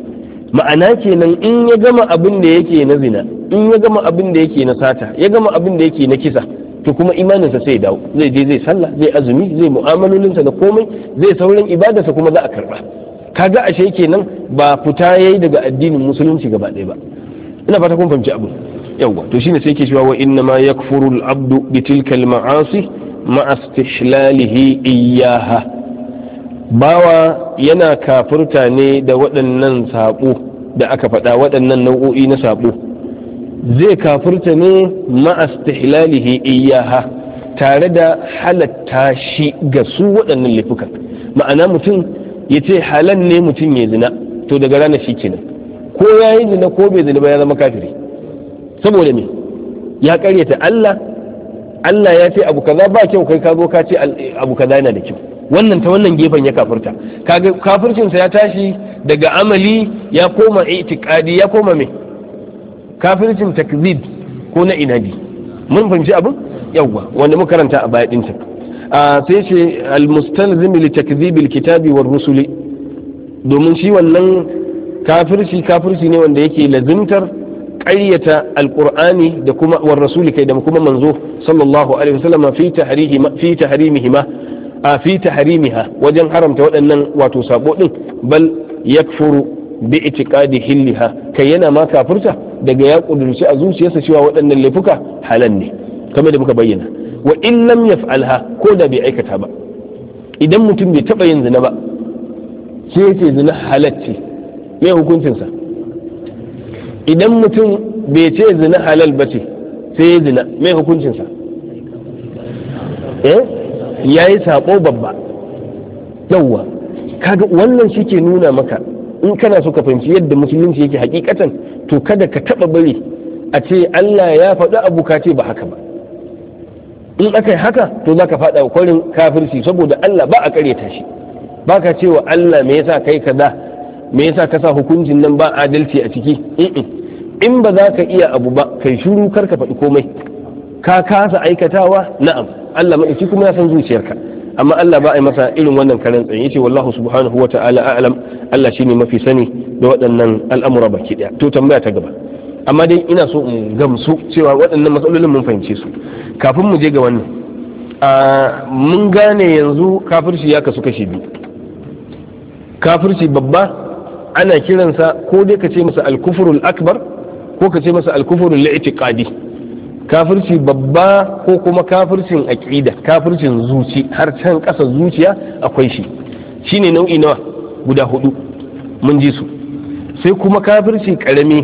ma'ana kenan in ya gama abin da yake na zina in ya gama abin da yake na sata ya gama abin da yake na kisa to kuma imaninsa sai dawo zai je zai sallah zai azumi zai mu'amalolinsa da komai zai sauran ibadarsa kuma za a karba kaga ashe kenan ba fita yayi daga addinin musulunci gaba ɗaya ba ina fata kun fahimci abu yawwa to shine sai ke cewa wa inna ma yakfuru al-abdu bi tilka al-ma'asi ma istihlalihi iyyaha bawa yana kafurta ne da waɗannan sabo da aka faɗa waɗannan nau'o'i na sabo zai kafurta ne ma istihlalihi iyyaha tare da halatta shi ga su waɗannan laifukan ma'ana mutum ya ce halan ne mutum ya zina to daga ranar shi kenan ko ya yi zina ko bai zina ba ya zama kafiri saboda me ya karyata Allah Allah ya ce abu kaza ba kyau kai ka zo ka ce abu kaza yana da kyau wannan ta wannan gefen ya kafirta kaga kafircin sa ya tashi daga amali ya koma itiqadi ya koma me kafircin takzib ko na inadi mun fahimci abin yawwa wanda muka karanta a baya dinta sai ce al-mustalzim li takzib al-kitabi war rusuli domin shi wannan kafirci kafirci ne wanda yake lazimtar ƙaryata alƙur'ani da kuma wa rasuli kai da kuma manzo sallallahu alaihi wasallam fi tahrimi fi tahrimihi ma a fi tahrimiha wajen haramta waɗannan wato sabo din bal yakfuru bi itiqadi hilliha kai yana ma kafirta daga ya kudurci a zuciyarsa cewa waɗannan laifuka halal ne kamar da muka bayyana wa in lam yaf'alha ko da bai aikata ba idan mutum bai taba yin zina ba sai zina halacci me hukuncinsa idan mutum bai ce zina halal ba ce sai ya zina me hukuncinsa eh ya yi saƙo babba yawwa kaga wannan shi ke nuna maka in kana so ka fahimci yadda musulunci yake hakikatan to kada ka taba bari a ce Allah ya faɗi abu ka ce ba haka ba in aka yi haka to za ka faɗa kwarin kafirci saboda Allah ba a ƙaryata shi ba ka cewa Allah me yasa kai kaza me yasa ka sa hukuncin nan ba adalci a ciki in ba za ka iya abu ba kai shiru kar ka faɗi komai ka kasa aikatawa na'am Allah mai shi kuma ya san zuciyarka amma Allah ba a yi masa irin wannan karen tsaye yace wallahu subhanahu wa ta'ala a'lam Allah shine mafi sani da waɗannan al'amura baki daya to tambaya ta gaba amma dai ina so in gamsu cewa waɗannan matsalolin mun fahimce su kafin mu je ga wannan mun gane yanzu kafirci ya kasu kashi biyu kafirci babba ana kiransa ko dai ka ce masa alkufurul akbar ko ka ce masa alkufurul li'tiqadi kafirci babba ko kuma kafircin aqida kafircin zuci har can ƙasa zuciya akwai shi shine nau'i nawa guda hudu mun ji su sai kuma kafirci karami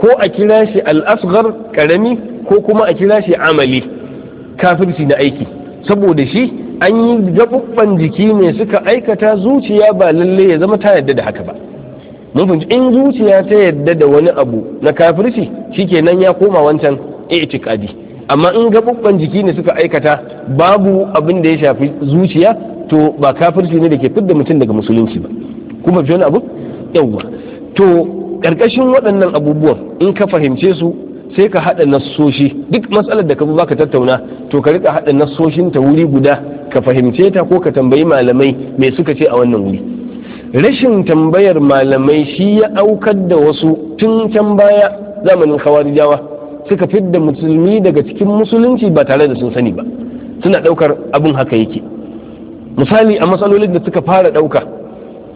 ko a kira shi al-asghar karami ko kuma a kira shi amali kafirci na aiki saboda shi an yi gabubban jiki ne suka aikata zuciya ba lalle ya zama ta yadda da haka ba mun fahimci in zuciya ta yadda da wani abu na kafirci shikenan ya koma wancan i'tiqadi amma in gabubban jiki ne suka aikata babu abin da ya shafi zuciya to ba kafirci ne da ke fidda mutum daga musulunci ba kuma fi wani abu yawwa to karkashin waɗannan abubuwan in ka fahimce su sai ka haɗa nassoshi duk matsalar da ka ba ka tattauna to ka rika haɗa nassoshin ta wuri guda ka fahimce ta ko ka tambayi malamai me suka ce a wannan wuri rashin tambayar malamai shi ya aukar da wasu tun can baya zamanin khawarijawa suka fidda musulmi daga cikin musulunci ba tare da sun sani ba suna daukar abin haka yake misali a matsalolin da suka fara dauka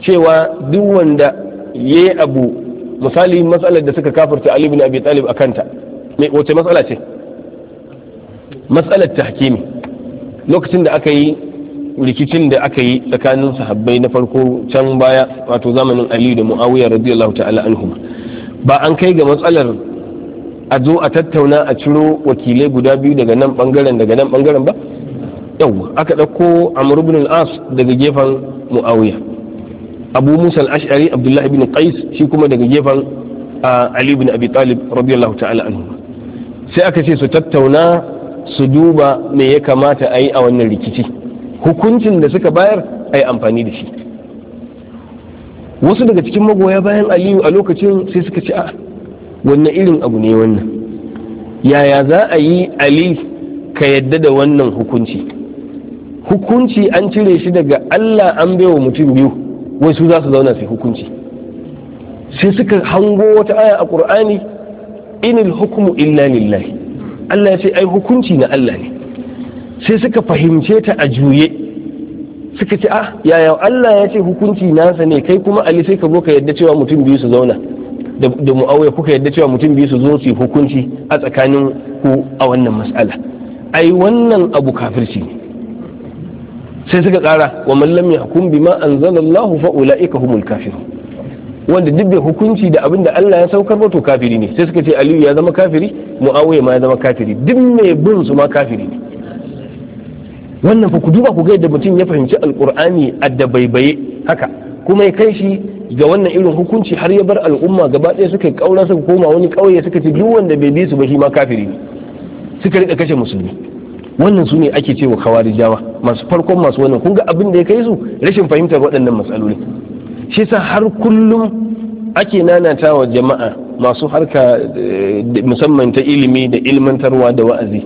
cewa duk wanda ya yi abu misali matsalar da suka kafirta Ali bin Abi Talib a kanta wace matsala ce matsalar ta hakimi lokacin da aka yi rikicin da aka yi tsakanin sahabbai na farko can baya wato zamanin aliyu da muawiya radiyallahu ta'ala anhum ba an kai ga matsalar a zo a tattauna a ciro wakilai guda biyu daga nan bangaren daga nan bangaren ba yau aka ɗauko amr ibn al-as daga gefen muawiya abu musa al-ash'ari abdullahi ibn qais shi kuma daga gefen ali ibn abi talib radiyallahu ta'ala anhu sai aka ce su tattauna su duba me ya kamata a yi a wannan rikici hukuncin da suka bayar a yi amfani da shi wasu daga cikin magoya bayan aliyu a lokacin sai suka ci a wannan irin abu ne wannan yaya za a yi ali ka yadda da wannan hukunci hukunci an cire shi daga allah an baiwa mutum biyu wai su za su zauna su hukunci sai suka hango wata aya a ƙur'ani inil hukumu illa lillahi allah ya ce ai hukunci na allah ne sai suka fahimce ta a juye suka ce ah yaya Allah ya ce hukunci nasa ne kai kuma Ali sai ka zo ka yadda cewa mutum biyu su zauna da mu'awai kuka yadda cewa mutum biyu su zo su hukunci a tsakanin ku a wannan mas'ala ai wannan abu kafirci ne sai suka kara wa mallam ya hukum bi ma anzalallahu fa ulaika humul kafirun wanda duk bai hukunci da abin da Allah ya saukar ba to kafiri ne sai suka ce Aliyu ya zama kafiri mu'awai ma ya zama kafiri duk mai bin su ma kafiri ne wannan fa ku duba ku ga yadda mutum ya fahimci alkur'ani a da baibaye haka kuma ya kai shi ga wannan irin hukunci har ya bar al'umma gaba ɗaya suka kaura suka koma wani ƙauye suka ce duk wanda bai bi su ba shi ma kafiri ne suka rika kashe musulmi wannan su ne ake cewa kawarijawa masu farkon masu wannan kun ga abin da ya kai su rashin fahimtar waɗannan matsaloli shi sa har kullum ake nanata wa jama'a masu harka eh, musamman ta ilimi da ilmantarwa da wa'azi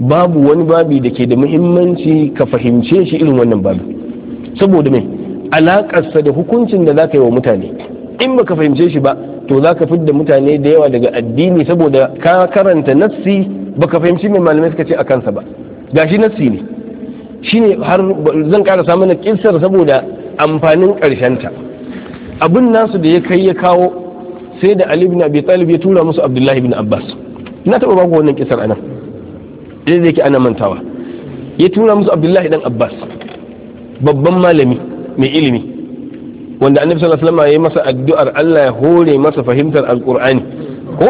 babu wani babi da ke da muhimmanci ka fahimce shi irin wannan babi saboda me alakarsa da hukuncin da za ka yi wa mutane in baka fahimce shi ba to za ka fidda mutane da yawa daga addini saboda ka karanta nassi baka fahimci mai malamai suka ce a kansa ba gashi nassi ne shine har zan ƙara samu na kissar saboda amfanin ƙarshenta abin nasu da ya kai ya kawo sai da Ali ibn Abi Talib ya tura musu Abdullahi ibn Abbas na taba ba wannan kissar anan da yake ana mantawa ya tura musu abdullahi dan abbas babban malami mai ilimi wanda annabi sallallahu alaihi wasallam ya masa addu'ar Allah ya hore masa fahimtar alqur'ani ko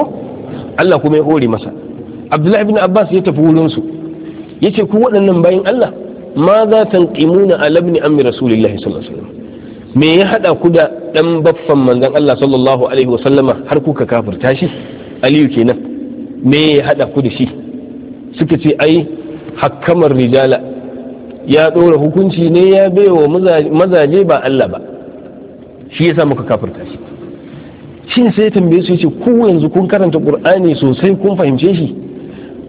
Allah kuma ya hore masa abdullahi ibn abbas ya tafi wurin su yace ku waɗannan bayin Allah ma za tanqimuna ala ibn ammi rasulillahi sallallahu alaihi wasallam me ya hada ku da dan baffan manzon Allah sallallahu alaihi wasallama har kuka kafirta shi aliyu kenan me ya hada ku da shi suka ce ai hakkamar rijala ya ɗora hukunci ne ya baiwa mazaje ba Allah ba shi yasa muka kafirta shi shin sai tambaye su yace ku yanzu kun karanta qur'ani sosai kun fahimce shi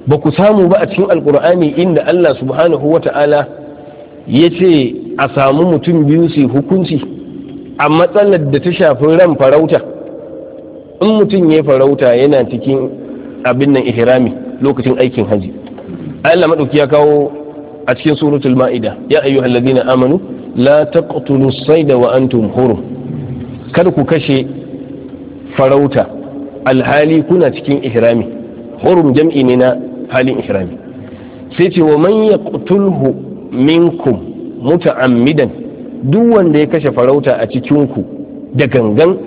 ba ku samu ba a cikin alqur'ani inda Allah subhanahu wata'ala ya ce a samu mutum biyu su hukunci a matsalar da ta shafi ran farauta in mutum ya farauta yana cikin abin nan ihrami lokacin aikin haji Allah madauki ya kawo a cikin suratul ma'ida ya ayyuhal ladina amanu la taqtulu sayda wa antum hurum kada ku kashe farauta alhali kuna cikin ihrami hurum jam'i ne na halin ihrami sai ce wa man yaqtulhu minkum muta'ammidan duk wanda ya kashe farauta a cikin ku da gangan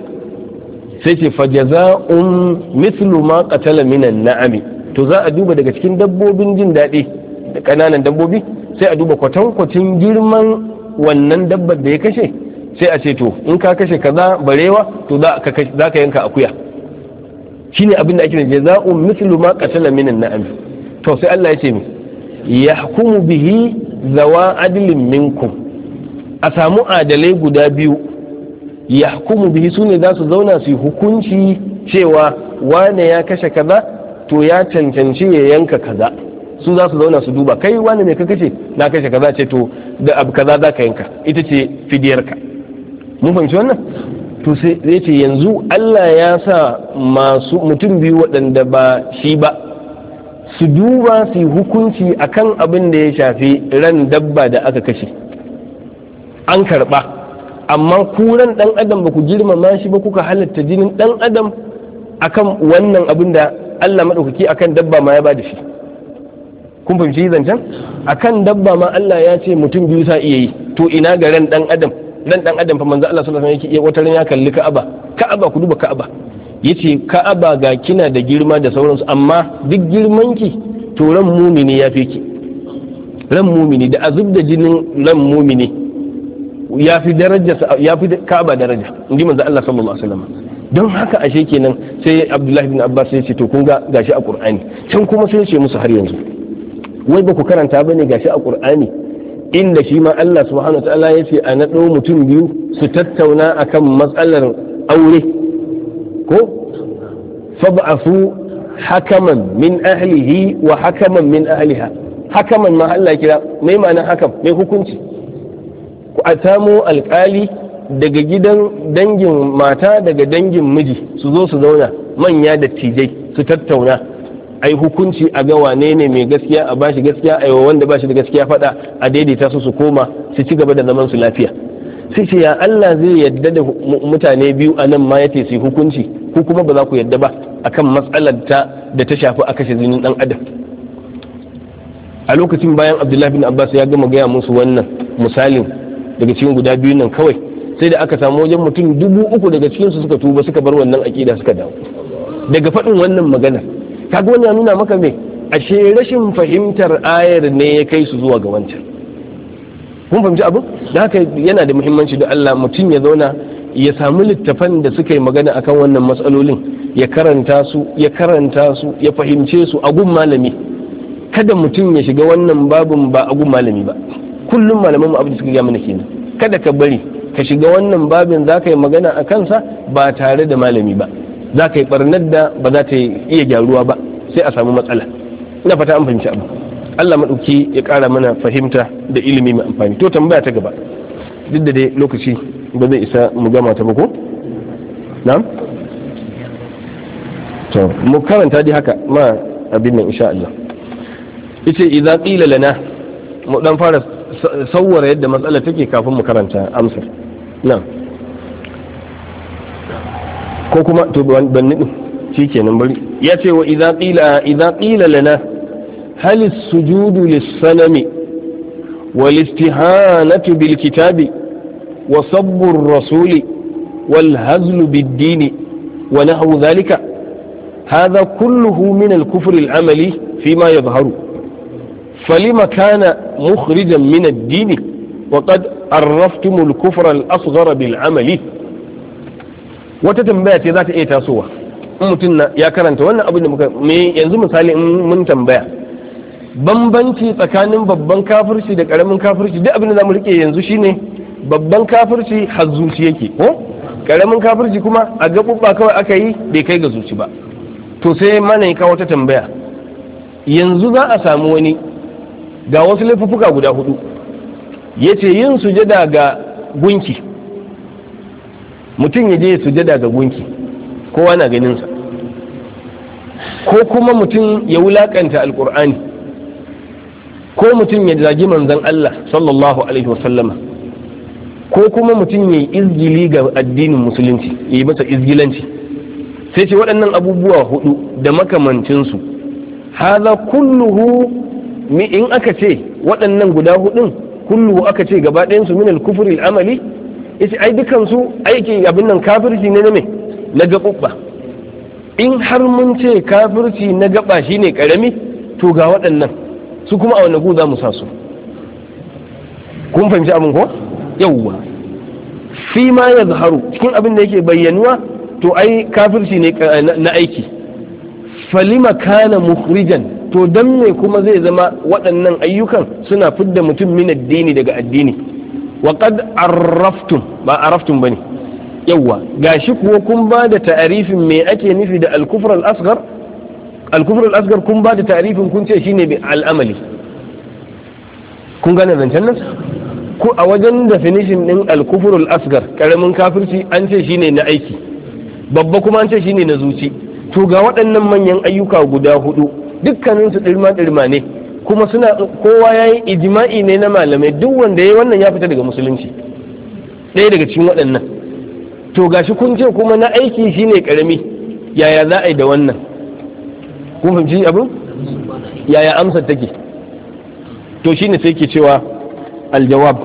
sai ce fajaza'un mithlu ma qatala minan na'ami to za a duba daga cikin dabbobin jin daɗi da ƙananan dabbobi sai a duba kwatankwacin girman wannan dabbar da ya kashe sai a ce to in ka kashe kaza barewa to za ka yanka akuya shine abin da ake da jaza'u mislu ma qatala min na'am to sai Allah ya ce mi yahkumu bihi zawa adlin minku? a samu adalai guda biyu yahkumu bihi sune za su zauna su yi hukunci cewa wane ya kashe kaza to ya cancanci ya yanka kaza su za su zauna su duba kai wani ne ka ce na kashe kaza ce to da abu kaza za ka yanka ita ce fidiyarka mun fahimci wannan to sai zai ce yanzu Allah ya sa masu mutum biyu waɗanda ba shi ba su duba su hukunci akan abin da ya shafi ran dabba da aka kashe an karɓa amma kuran dan adam ba ku girmama shi ba kuka halatta jinin dan adam akan wannan abin da Allah madaukaki akan dabba ma ya bada shi kun fahimci zancen akan dabba ma Allah ya ce mutum biyu sa iya yi to ina ga ran dan adam ran dan adam fa manzo Allah sallallahu alaihi wasallam yake wata ran ya kalli Ka'aba Ka'aba ku duba Ka'aba yace Ka'aba ga kina da girma da sauransu amma duk girman ki to ran mumini ya fi ki ran mumini da azub da jinin ran mumini ya fi daraja ya fi Ka'aba daraja inji manzo Allah sallallahu alaihi wasallam don haka ashe kenan sai abdullahi bin abbas ya ce to kun ga gashi a qur'ani can kuma sai ce musu har yanzu wai ba ku karanta bane gashi a qur'ani inda shi ma Allah subhanahu ta'ala ya ce a naɗo mutum biyu su tattauna akan matsalar aure ko fab'afu hakaman min ahlihi wa hakaman min ahliha hakaman ma Allah kira mai ma'anar hakam mai hukunci ku a alƙali daga gidan dangin mata daga dangin miji su zo su zauna manya da tijai su tattauna ai hukunci a ga wane ne mai gaskiya a bashi gaskiya a wanda bashi da gaskiya faɗa a daidaita su su koma su ci gaba da zaman su lafiya sai ce ya Allah zai yadda da mutane biyu a nan ma ya ce su hukunci ko kuma ba za ku yadda ba akan matsalar ta da ta shafi a kashe zinin dan adam a lokacin bayan Abdullahi bin Abbas ya gama gaya musu wannan misalin daga cikin guda biyu nan kawai sai da aka samu wajen mutum dubu uku daga cikinsu suka tuba suka bar wannan aƙida suka dawo daga faɗin wannan maganar kaga wannan nuna maka me ashe rashin fahimtar ayar ne ya kai su zuwa ga wancan kun fahimci abu da haka yana da muhimmanci da Allah mutum ya zauna ya samu littafan da suka yi magana akan wannan matsalolin ya karanta su ya karanta su ya fahimce su a gun malami kada mutum ya shiga wannan babin ba a gun malami ba kullum malaman mu abin da suka gaya mana kenan kada ka bari ka shiga wannan babin za ka yi magana a kansa ba tare da malami ba za ka yi barnar da ba za ta iya gyaruwa ba sai a samu matsala ina fata an fahimci abu Allah maɗauki ya ƙara mana fahimta da ilimi mai amfani to tambaya ta gaba duk da dai lokaci ba zai isa mu gama ta ba ko na'am to mu karanta dai haka ma abin nan insha Allah yace idza qila lana mu dan fara sawwara yadda matsalar take kafin mu karanta amsar nan ko kuma to ban nidin shi kenan bari ya ce wa idza qila idza qila lana hal as-sujudu lis-sanami wal istihanatu bil kitabi wa sabbu ar-rasuli wal hazlu bid-din wa nahwu dhalika هذا كله من الكفر العملي فيما يظهر فلما كان مخرجا من الدين وقد عرفتم الكفر الأصغر بالعمل wata tambaya ce za ta iya tasowa in mutum ya karanta wannan abin da muka me yanzu misali in mun tambaya bambanci tsakanin babban kafirci da karamin kafirci duk abin da zamu rike yanzu shine babban kafirci har yake ko karamin kafirci kuma a gabubba kawai aka yi bai kai ga zuci ba to sai mana wata tambaya yanzu za a samu wani ga wasu laifuffuka guda hudu ya ce yin sujada ga gunki mutum ya je sujada ga gunki kowa na ganin ko kuma mutum ya wulakanta alkur'ani ko mutum ya zagi manzon Allah sallallahu alaihi wasallama ko kuma mutum ya yi izgili ga addinin musulunci ya yi masa izgilanci sai ce waɗannan abubuwa hudu da makamancinsu haza kulluhu in aka ce waɗannan guda hudun kullu aka ce gaba ɗayan su min al-kufri al-amali yace ai dukan su aiki abin nan kafirci ne na na gaba in har mun ce kafirci na gaba shine karami to ga waɗannan su kuma a wani guza za sa su kun fahimci abin ko yawwa fi ma ya zaharu cikin abin da yake bayyanuwa to ai kafirci ne eh, na aiki falima kana mukhrijan to don me kuma zai zama waɗannan ayyukan suna fidda mutum min addini daga addini wa qad arraftum ba arraftum bane yawa gashi kuwa kun ba da ta'arifin me ake nufi da al-kufr al-asghar al-kufr al-asghar kun ba da ta'arifin kun ce shine bi al-amali kun gane zancen nan ko a wajen definition din al-kufr al-asghar karamin kafirci an ce shine na aiki babba kuma an ce shine na zuci to ga waɗannan manyan ayyuka guda hudu dukkaninsu ɗirma ɗirma ne kuma suna kowa ya yi ijima'i ne na malamai duk wanda ya yi wannan ya fita daga musulunci ɗaya daga cikin waɗannan to gashi kun ce kuma na aiki shine karami yaya za a yi da wannan kun fahimci abu? yaya amsar take to shine sai ke cewa aljawab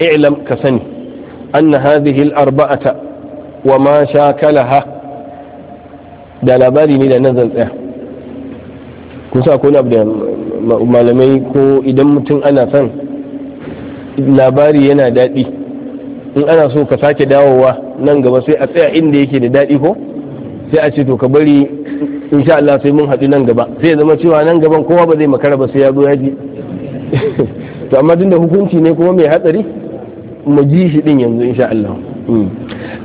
i'lam ka sani anna hadhihi al-arba'ata wa ma shakalaha da labari ne da nan zan tsaya kun sa akwai abu da malamai ko idan mutum ana son labari yana daɗi in ana so ka sake dawowa nan gaba sai a tsaya inda yake da daɗi ko sai a ce to ka bari insha Allah sai mun haɗu nan gaba sai ya zama cewa nan gaban kowa ba zai makara ba sai ya zo ya ji [laughs] to amma tunda hukunci ne kuma mai hatsari mu ji shi din yanzu insha Allah hmm.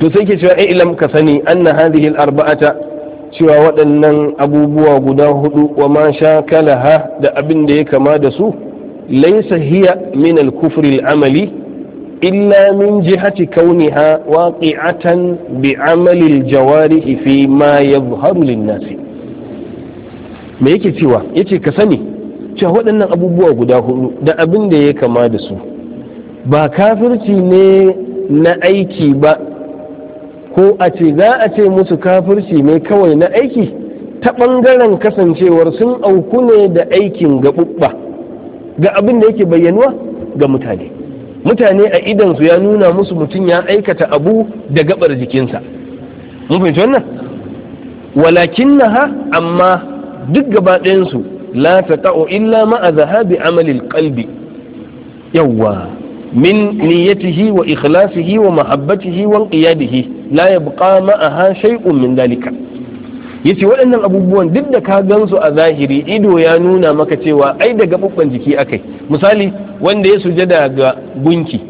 to sai ke cewa ai ilam ka sani anna hadhihi al-arba'ata cewa waɗannan abubuwa guda hudu wa ma sha kalaha da abin da ya kama da su laisa hiya min al-kufri al-amali illa min jihati kauniha waqi'atan bi amali al-jawarihi fi ma yadhharu lin-nasi me yake cewa yace ka sani cewa waɗannan abubuwa guda hudu da abin da ya kama da su ba kafirci ne na aiki ba ko a ce za a ce musu kafirci ne kawai na aiki ta ɓangaren kasancewar sun auku ne da aikin gaɓuɓɓa ga abin da yake bayyanuwa ga mutane mutane a idansu ya nuna musu mutum ya aikata abu da gabar jikinsa mun fahimci wannan walakin na ha, amma duk gaba ɗayansu la ta illa a zahabi amalil kalbi yawwa min نيته wa ومحبته wa لا wa معها شيء من ذلك yace waɗannan abubuwan duk da ka gan su a zahiri ido ya nuna maka cewa ai da gaɓuɓɓen jiki akai misali wanda ya sujada ga gunki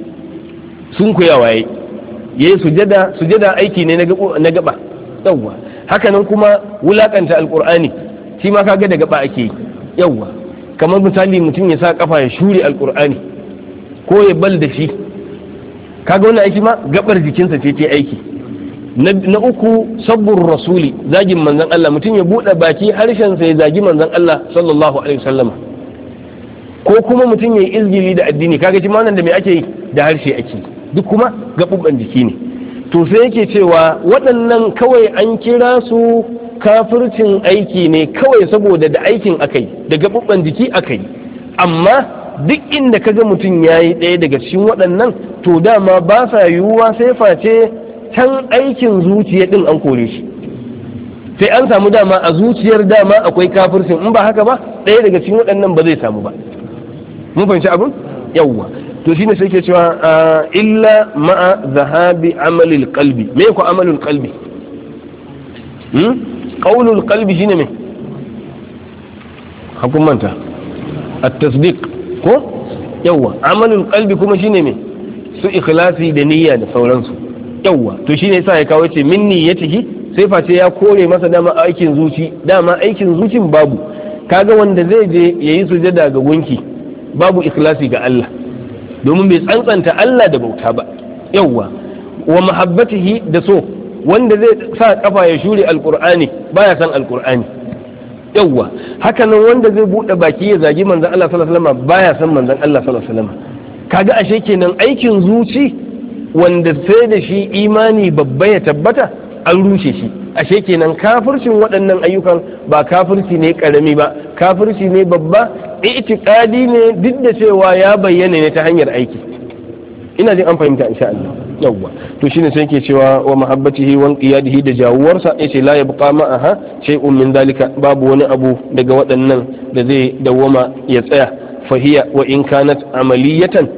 sun kuya waye ya sujada sujada aiki ne na gaba yawwa nan kuma wulakanta Alƙur'ani, shi ma kaga da gaba ake yi yawwa kamar misali mutum ya sa kafa ya shuri alkur'ani ko ya bal da shi kaga wannan aiki ma gabar jikinsa ce ce aiki na uku sabbur rasuli zagin manzon Allah mutum ya buɗe baki harshen sa ya zagi manzon Allah sallallahu alaihi wasallama ko kuma mutum ya yi izgiri da addini kaga shi ma wannan da me ake yi da harshe ake duk kuma gabubban jiki ne to sai yake cewa waɗannan kawai an kira su kafircin aiki ne kawai saboda da aikin akai da gabubban jiki akai amma duk inda kaga mutum ya yi ɗaya daga cikin waɗannan to dama ba sa yiwuwa sai face can aikin zuciya ɗin an kore shi sai an samu dama a zuciyar dama akwai kafircin in ba haka ba ɗaya daga cikin waɗannan ba zai samu ba mun fahimci abin yawwa to shine sai ke cewa ah, illa ma'a zahabi amalil qalbi me ko amalul qalbi hmm qaulul qalbi shine me hakun manta at-tasdiq ko yawwa amalin kalbi kuma shine me su ikhlasi da niyya da sauransu yawwa to shine yasa ya kawo ce min niyyatihi sai face ya kore masa dama aikin zuci dama aikin zucin babu kaga wanda zai je yayi sujada ga gunki babu ikhlasi ga Allah domin bai tsantsanta Allah da bauta ba yawwa wa mahabbatihi da so wanda zai sa kafa ya shure alqur'ani baya san alqur'ani yawwa hakanan wanda zai buɗe baki ya zagi manzon Allah sallallahu alaihi wasallam baya san manzon Allah sallallahu alaihi wasallam kaga ashe kenan aikin zuci wanda sai da shi imani babba ya tabbata an rushe shi ashe kenan kafircin waɗannan ayyukan ba kafirci ne karami ba kafirci ne babba itiqadi ne duk da cewa ya bayyana ne ta hanyar aiki ina jin an fahimta insha Allah yawwa to shine sai yake cewa wa mahabbatihi wa qiyadihi da jawuwarsa yace la yabqa ma'aha shay'un min dalika babu wani abu daga waɗannan da zai dawwama ya tsaya fahiya wa in kanat amaliyatan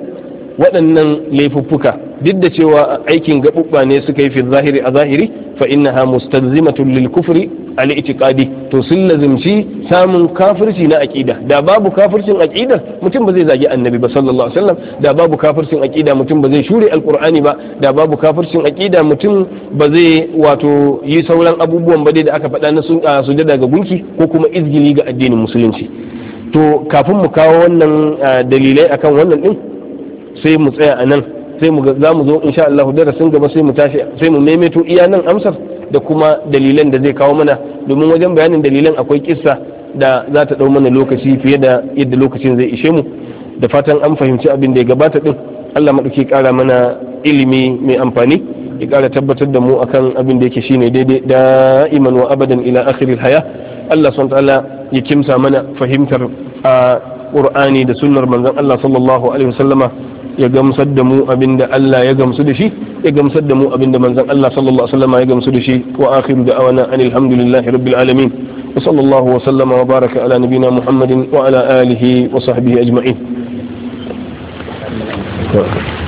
waɗannan laifuffuka duk da cewa aikin gaɓuɓɓa ne suka yi fi zahiri a zahiri fa inna ha mustanzimatun lil kufri al itiqadi to sun lazimci samun kafirci na aqida da babu kafircin aqida mutum ba zai zagi annabi ba sallallahu alaihi wasallam da babu kafircin aqida mutum ba zai shure alqur'ani ba da babu kafircin aqida mutum ba zai wato yi sauran abubuwan ba dai da aka faɗa na sun sujada ga gunki ko kuma izgili ga addinin musulunci to kafin mu kawo wannan dalilai akan wannan din sai mu tsaya a nan sai mu za mu zo insha Allah darasin gaba sai mu tashi sai mu maimaito iya nan amsar da kuma dalilan da zai kawo mana domin wajen bayanin dalilan akwai kissa da za ta dau mana lokaci fiye da yadda lokacin zai ishe mu da fatan an fahimci abin da ya gabata din Allah madauki kara mana ilimi mai amfani ya kara tabbatar da mu akan abin da yake shine daidai da'iman wa abadan ila akhiril haya Allah subhanahu ta'ala ya kimsa mana fahimtar a Qur'ani da sunnar manzon Allah sallallahu alaihi wasallama ya gamsar da mu abinda Allah ya gamsu da shi ya gamsar da mu abinda manzon Allah sallallahu alaihi wasallam ya gamsu da shi wa akhiru da'wana alhamdulillahi rabbil alamin wa sallallahu wa sallama wa baraka ala nabina muhammadin wa ala alihi wa sahbihi ajma'in